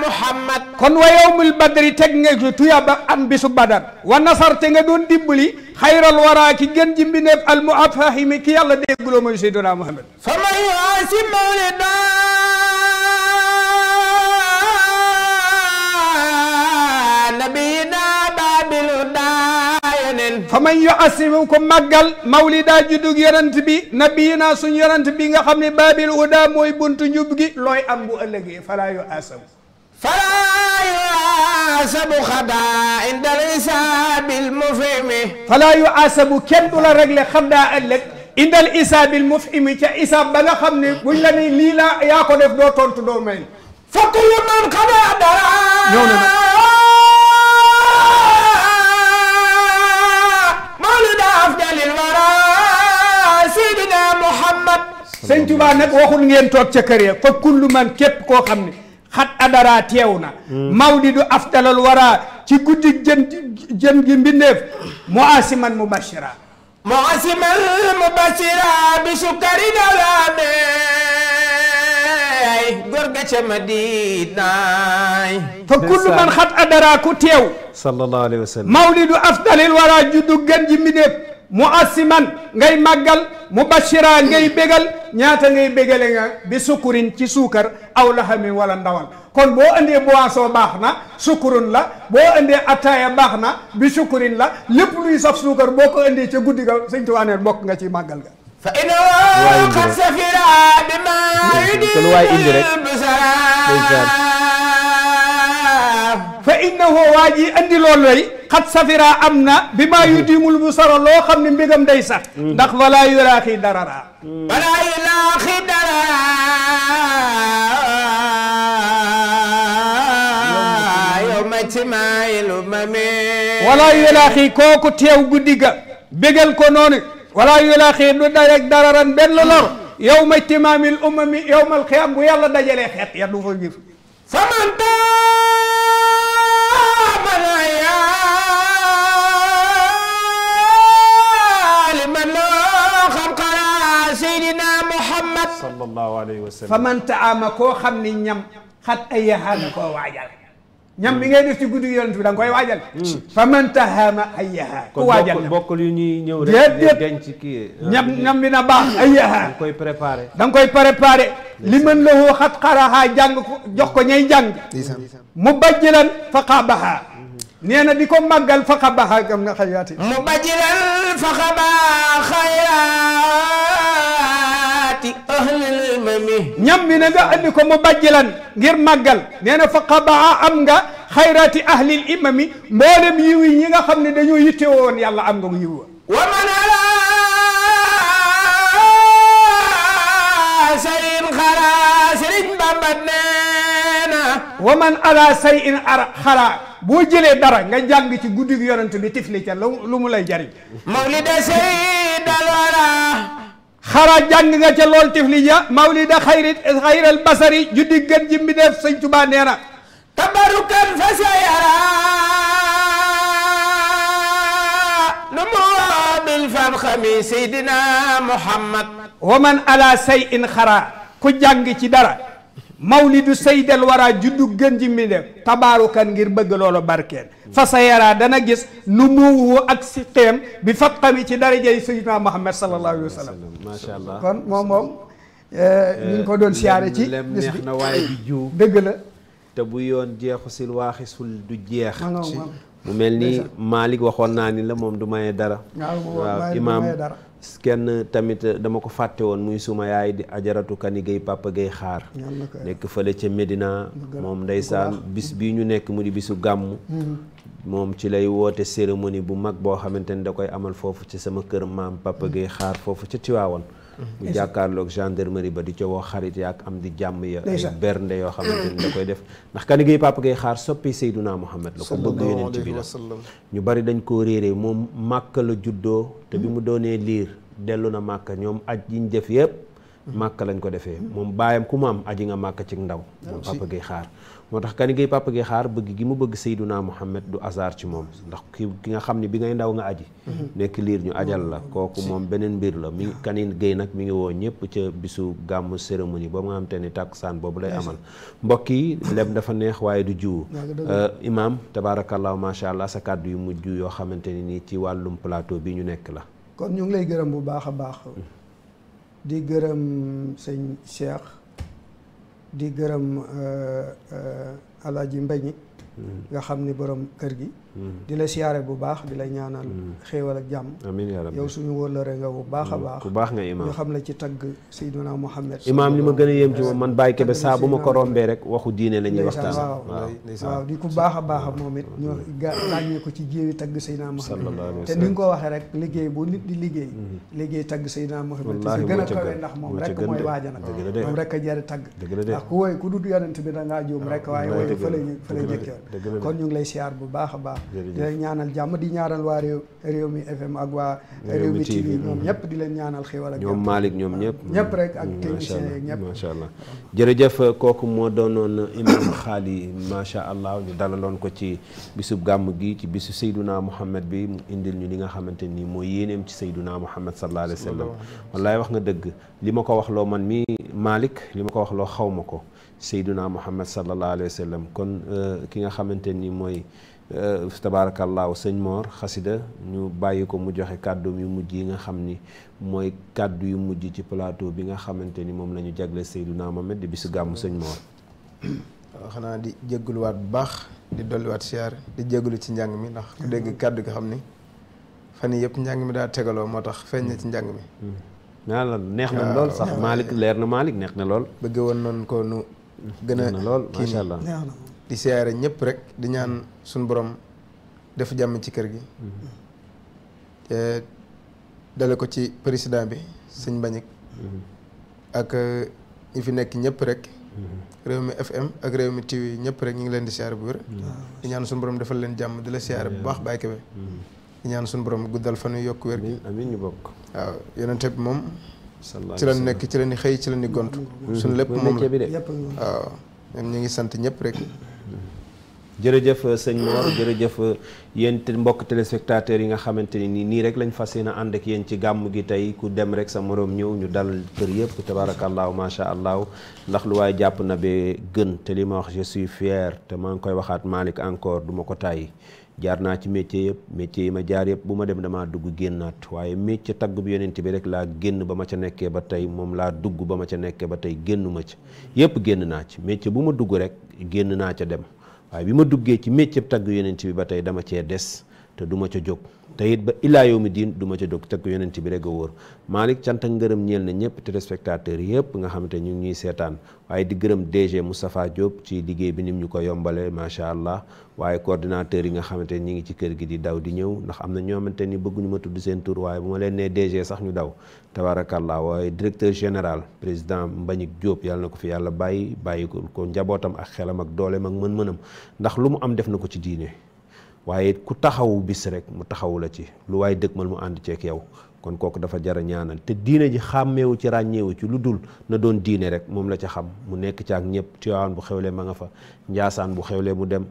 muhammad kon wa yawmul badri teg nga ci tuyaaba am bisu badar wa nasar te nga doon dimbali xayral waraa ki gën ji mbineef al mu afahimi ki yàlla déggloo mooy seydina muhammad fa man yuasi mawlida fa man yuassimu ko màggal mawlida juddug yonent bi nabii naa suñ yonent bi nga xam ne baabil huda mooy buntu njub gi looy am bu ëllëgee falaa yuassamu falaa yuassabu xadaa inda isaabil mufimi falaa yuassabu kenn du la réglé xadaa ëllëg indal isaabil mufimi ca isaab ba nga xam ne buñ la ne lii laa yaa ko def doo tontu doo mel fa kullu man xadaa dara ñëw na muhammad sëñ Tuubaa nag waxul ngeen toog ca kër ya fa kullu man képp koo xam ne xat adara teew na hmm. mawlidu afdalal wara ci guddi jën jën gi mbindeef mu asiman mu bashira mu asiman mu bashira bi sukkari dalaamey góor ga ca madinaay fa kullu man xat adara ku teew sallallahu alayhi wa sallam mawlidu afdalil wara juddu gën ji mbindeef mu asiman ngay màggal mu bashira ngay bégal ñaata ngay bégale nga bi sukkurin ci suukar aw laxami wala ndawal kon boo indee boisson baax na sukkurun la boo andee attaaya baax na bi sukkurin la lépp luy saf suukar boo ko indee ca guddi ga sëñ Tuubaa nee bokk nga ci màggal ga fa inoo xat safira fa innahu waa ji andi loolu lay xat safira am na bi maa yu dimul bu saro loo xam ne mbigam day sax ndax wala yu laaxi darara wala yu laaxi darara yow ma ci maayilu ma mi wala yu laaxi kooku teew guddi ga bégal ko noonu wala yu laaxi du darek dararan benn lor yow ma timaamil umami yow mal xiyam bu yàlla dajalee xeet ya du fa gis samanta sallallahu alayhi wa sallam. fa man taama koo xam ni ñam xat ay yaxaana waajal. ñam bi ngay def ci guddi yonent bi da nga koy waajal. Hmm. fa man taama ay yaxaa. ku waajal ñam yu ñuy ñëw rek. déedéet denc kii ah, ñam ñam bi na baax ay yaxaa. da koy préparé. da li mën la woo xat xaraxaa jàng ko jox ko ñay jàng. mu bajjilan fa xaabaxaa. Hmm. nee na di ko màggal fa xabaxaa gam na xayaati. mu bajjilan fa xabaa xayaa. salaati ahlil mami ñam mi na nga andi ko mu bajjilan ngir màggal nee na fa xabaa am nga xayraati ahlil imami mboolem yiw yi ñi nga xam ne dañoo yitte woon yàlla am nga yiw wa man ala sayin xara sëriñ bambat nee na wa man ala sayin ara xara boo jëlee dara nga jàng ci guddi gi yonent bi tifli lu mu lay jariñ mawlida sayyid al wara xara jàng nga ca lool tifli ja mawlida xayrit xayral basari juddi gën ji mbindéef sëñ Tuubaa nee na tabarukan fa sa yara nu mubil fam xami seydina muhammad wa man ala say in ku jàng ci dara mawlidu saydel wara juddu gën ji mi def tabaarukan ngir bëgg loolu barkeel fa sa yaraa dana gis nu muuwu ak si xeem bi fatxami ci darajey sayyidina muhammad sallallahu alayhi wa sallam kon moom moom eh, ñu ko doon eh, siyaare ci bis bi na waaye du juub dëgg la te bu yoon jeexu sil waaxisul du jeex mu mel ni Malick waxoon naa ni la moom du maye dara waaw imaam kenn tamit dama ko fàtte woon muy suma yaay di ajaratu kani gay papa gay xaar nekk fële ca Medina moom ndeysaan bis bii ñu nekk mu di bisu gàmm mm-hmm. moom ci lay woote cérémonie bu mag boo xamante ni da koy amal foofu ci sama kër maam papa gay xaar foofu ci Tiwaawan bu mm-hmm. jàkkaarloog gendarmerie ba di ca woo xarit ak am di jàmm ya ay bernde yoo xamante ni da koy def ndax kan gi papa gay xaar soppi Seyduna Muhammad la ko bëgg yonent bi la ñu bari dañ koo réeree moom màkk la juddoo te bi mu mm-hmm. doonee liir dellu na màkk ñoom aj yi ñu def yëpp màkk mm-hmm. lañ ko defee moom baayam ku mu am aji nga màkk ci ndaw moom papa xaar moo tax kan ngay papa gi xaar bëgg gi mu bëgg Seyduna Muhammad du hasard ci moom ndax ki ki nga xam ne bi ngay ndaw nga aji mhm. nekk liir ñu ajal la mhm. kooku moom beneen mbir la mi ah. kan ngay nag mi ngi woo ñëpp ca bisu gàmmu cérémonie boobu nga xam te ni tàkkusaan boobu lay amal mbokk yi leb dafa neex waaye du jiwu euh, imaam tabaarakallaahu macha allah sa kàddu yu mujj yoo xamante ne nii ci wàllum plateau bi ñu nekk la kon ñu ngi lay gërëm bu baax a baax mm. di gërëm sëñ Cheikh di gërëm euh, euh, alaaji Mbaye hmm. nga xam ni borom kër gi di la siyaare bu baax di la ñaanal mm. xéewal ak jàmm amiin yaa suñu wóllëre nga bu baax a mm. baax ku baax nga imaam ñu xam la ci tagg Seydina Muhammad imaam li ma gën a yéem ci moom man Baye saa bu ma ko rombee rek waxu diine la ñuy waxtaan waaw waaw di ku baax a it ñu ràññee mm. ko ci jéewi tagg Seydina Muhammad te ni nga ko waxee rek liggéey bu nit di liggéey liggéey tagg Seydina Muhammad te gën a kawe ndax moom rek mooy waaja nag moom rek a jëri tagg ndax ku woy ku dut yonent bi da ngaa juum rek waaye woy fële fële jëkkoon kon ñu lay siyaar bu baax a baax di ñaanal jàmm di ñaanal waa mi FM ak waa ñoom mm-hmm. ñëpp ñaanal xéwal ak ñoom Malick ñoom ñëpp ñëpp rek ak mm-hmm. technicien yeeg ñëpp jërëjëf kooku moo doonoon imam xaali macha allah ñu dalaloon ko ci bisub gàmm gi ci bisu sayduna Muhammad bi mu indil ñu li nga xamante nii mooy yéeneem ci sayduna Muhammad sallallahu alayhi wa sallam wallaay wax nga dëgg li ma ko wax loo man mi maalik li ma ko wax loo xaw ma ko sayduna Muhammad sallallahu alayhi wa sallam kon euh, ki nga xamante nii mooy Euh, tabaarakallaahu sëñ Mor xasida ñu bàyyi ko mu joxe kàddu yu mujj yi nga xam ni mooy kàddu yu mujj ci plateau bi nga xamante ni moom la ñu naa Seydunaa Muhammad di bisu gàmmu sëñ Mor. waaw xanaa di jégaluwaat bu baax di dolliwaat siyaar di jégalu ci njàng mi ndax dégg kàddu gi xam ni fan yii yëpp njàng mi daa tegaloo moo tax feeñ na ci njàng mi. Mm-hmm. la neex na lool sax Malick leer na Malick neex na lool. bëgge woon noonu ko nu. gën a lool macha allah di siyaare ñëpp rek di ñaan suñu borom def jàmm ci kër gi mm-hmm. te dale ko ci président bi sëñ Mbagnick mm-hmm. ak uh, ñi fi nekk ñëpp rek mm-hmm. réew mi FM ak réew mi TV ñëpp rek ñu ngi leen di siyaare bu wér ah, di ñaan suñ borom defal leen jàmm di la siyaare bu baax bàyyi kebe di ñaan suñu borom guddal fan yu yokk wér gi amiin ñu bokk waaw yonente bi moom ci la nekk ci la ni xëy ci la ni gont suñu lépp moom la waaw ñoom ñu ngi sant ñëpp rek jërëjëf euh, sëñ Mor jërëjëf euh, yéen mbokk téléspectateurs yi nga xamante ni nii rek lañ fas yéene ànd ak yéen ci gàmm gi tey ku dem rek sa moroom ñëw ñu dalal kër yëpp tabaarakallaahu macha allah ndax lu waaye jàpp na ba gën te li ma wax je suis te maa ngi koy waxaat Malick encore duma ko tàyyi jaar naa ci métier yëpp métier yi ma jaar yëpp bu ma dem damaa dugg génnaat waaye métier tagg bi yonent bi rek laa génn ba ma ca nekkee ba tey moom laa dugg ba ma ca nekkee ba tey génn ci yëpp génn naa ci métier bu ma dugg rek génn naa ca dem waaye bi ma duggee ci métier tagg yonent bi ba tey dama cee des te duma ca jóg te it ba illaa yow mi diin duma ca jóg teg yonent bi rek a wóor Malick cant ak ngërëm ñeel na ñëpp téléspectateurs yëpp nga xamante ñu ngi ñuy seetaan waaye di gërëm DG Moustapha Diop ci liggéey bi nim ñu ko yombale macha allah waaye coordinateur yi nga xamante ñi ngi ci kër gi di daw di ñëw ndax am na ñoo xamante ni bëgguñu ma tudd seen tur waaye bu ma leen nee DG sax ñu daw tabarakallah waaye directeur général président Mbagnick jóob yàlla na ko fi yàlla bàyyi bàyyi ko njabootam ak xelam ak dooleem ak mën-mënam ndax lu mu am def na ko ci diine waaye ku taxawu bis rek mu taxawu la ci lu waaye mal mu ànd ceeg yow kon kooku dafa jara ñaanal te diine ji xàmmeewu ci ràññeewu ci lu dul na doon diine rek moom la ca xam mu nekk ci ak ñëpp Tiwaawan bu xewlee ma nga fa Njaasaan bu xewlee mu dem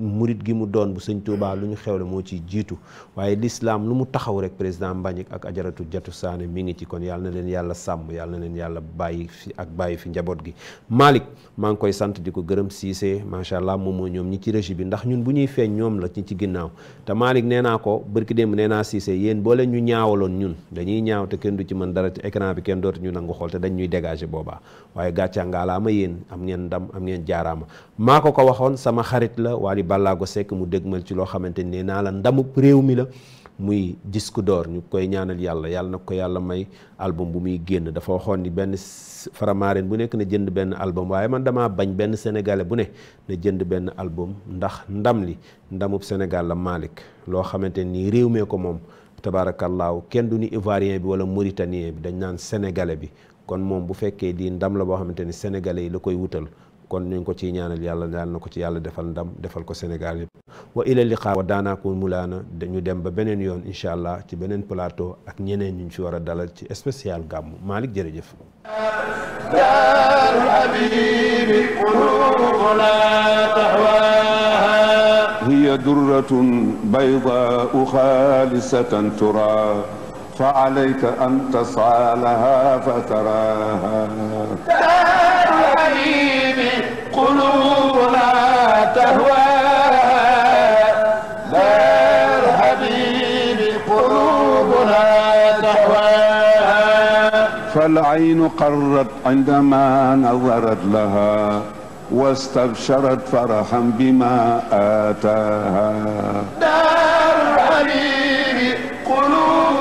murit gi mu doon bu sëñ Touba lu ñu xewle moo ciy jiitu waaye lislaam lu mu taxaw rek président Mbagnick ak ajaratu Jatu Saane mi ngi ci kon yàlla na leen yàlla sàmm yàlla na leen yàlla bàyyi fi ak bàyyi fi njaboot gi Malick maa ngi koy sant di ko gërëm Cissé macha allah moom moo ñoom ñi ci régie bi ndax ñun bu ñuy feeñ ñoom la ñi ci ginnaaw naa ko bërki démb nee naa Cissé yéen boo leen ñu ñaawaloon ñun dañuy ñaaw te kenn du ci mën dara ci écran bi kenn dootu ñu nangu xool te dañ ñuy dégager boobaa waaye gàccaangaalaama yéen am a ndam am ngeen jaaraama maa ko ko Wally Ballago Seck mu dégmal ci loo xamante ne naa la ndamub réew mi la muy disque door ñu koy ñaanal yàlla yàlla na ko yàlla may album bu muy génn dafa waxoon ni benn faramaaren bu nekk na jënd benn album waaye man damaa bañ benn sénégalais bu ne na jënd benn album ndax ndam li ndamub Sénégal la Malick loo xamante nii réew mee ko moom tabaarakallaahu kenn du ni ivoirien bi wala mauritanien bi dañ naan sénégalais bi kon moom bu fekkee di ndam la boo xamante ni sénégalais yi la koy wutal kon ñu ngi ko ciy ñaanal yàlla daal na ko ci yàlla defal ndam defal ko Sénégal yëpp wa ila mulaana dañu dem ba beneen yoon incha allah ci beneen plateau ak ñeneen ñu fi war a dalal ci spécial gàmmu Malick jërëjëf habibi qulubuna tahwaha hiya durratun baydaau xaalisatan tura fa alayka an tas'a fa taraha فالعين قرت عندما نظرت لها واستبشرت فرحا بما آتاها دار الحبيب قلوب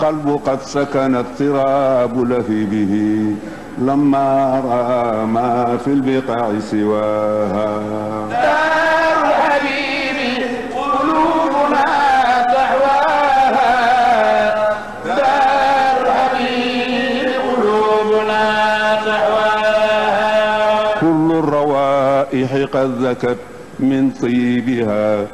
والقلب قد سكن اضطراب لهيبه لما رأى ما في البقاع سواها دار حبيبي قلوبنا تحواها دار حبيبي قلوبنا تحواها كل الروائح قد ذكت من طيبها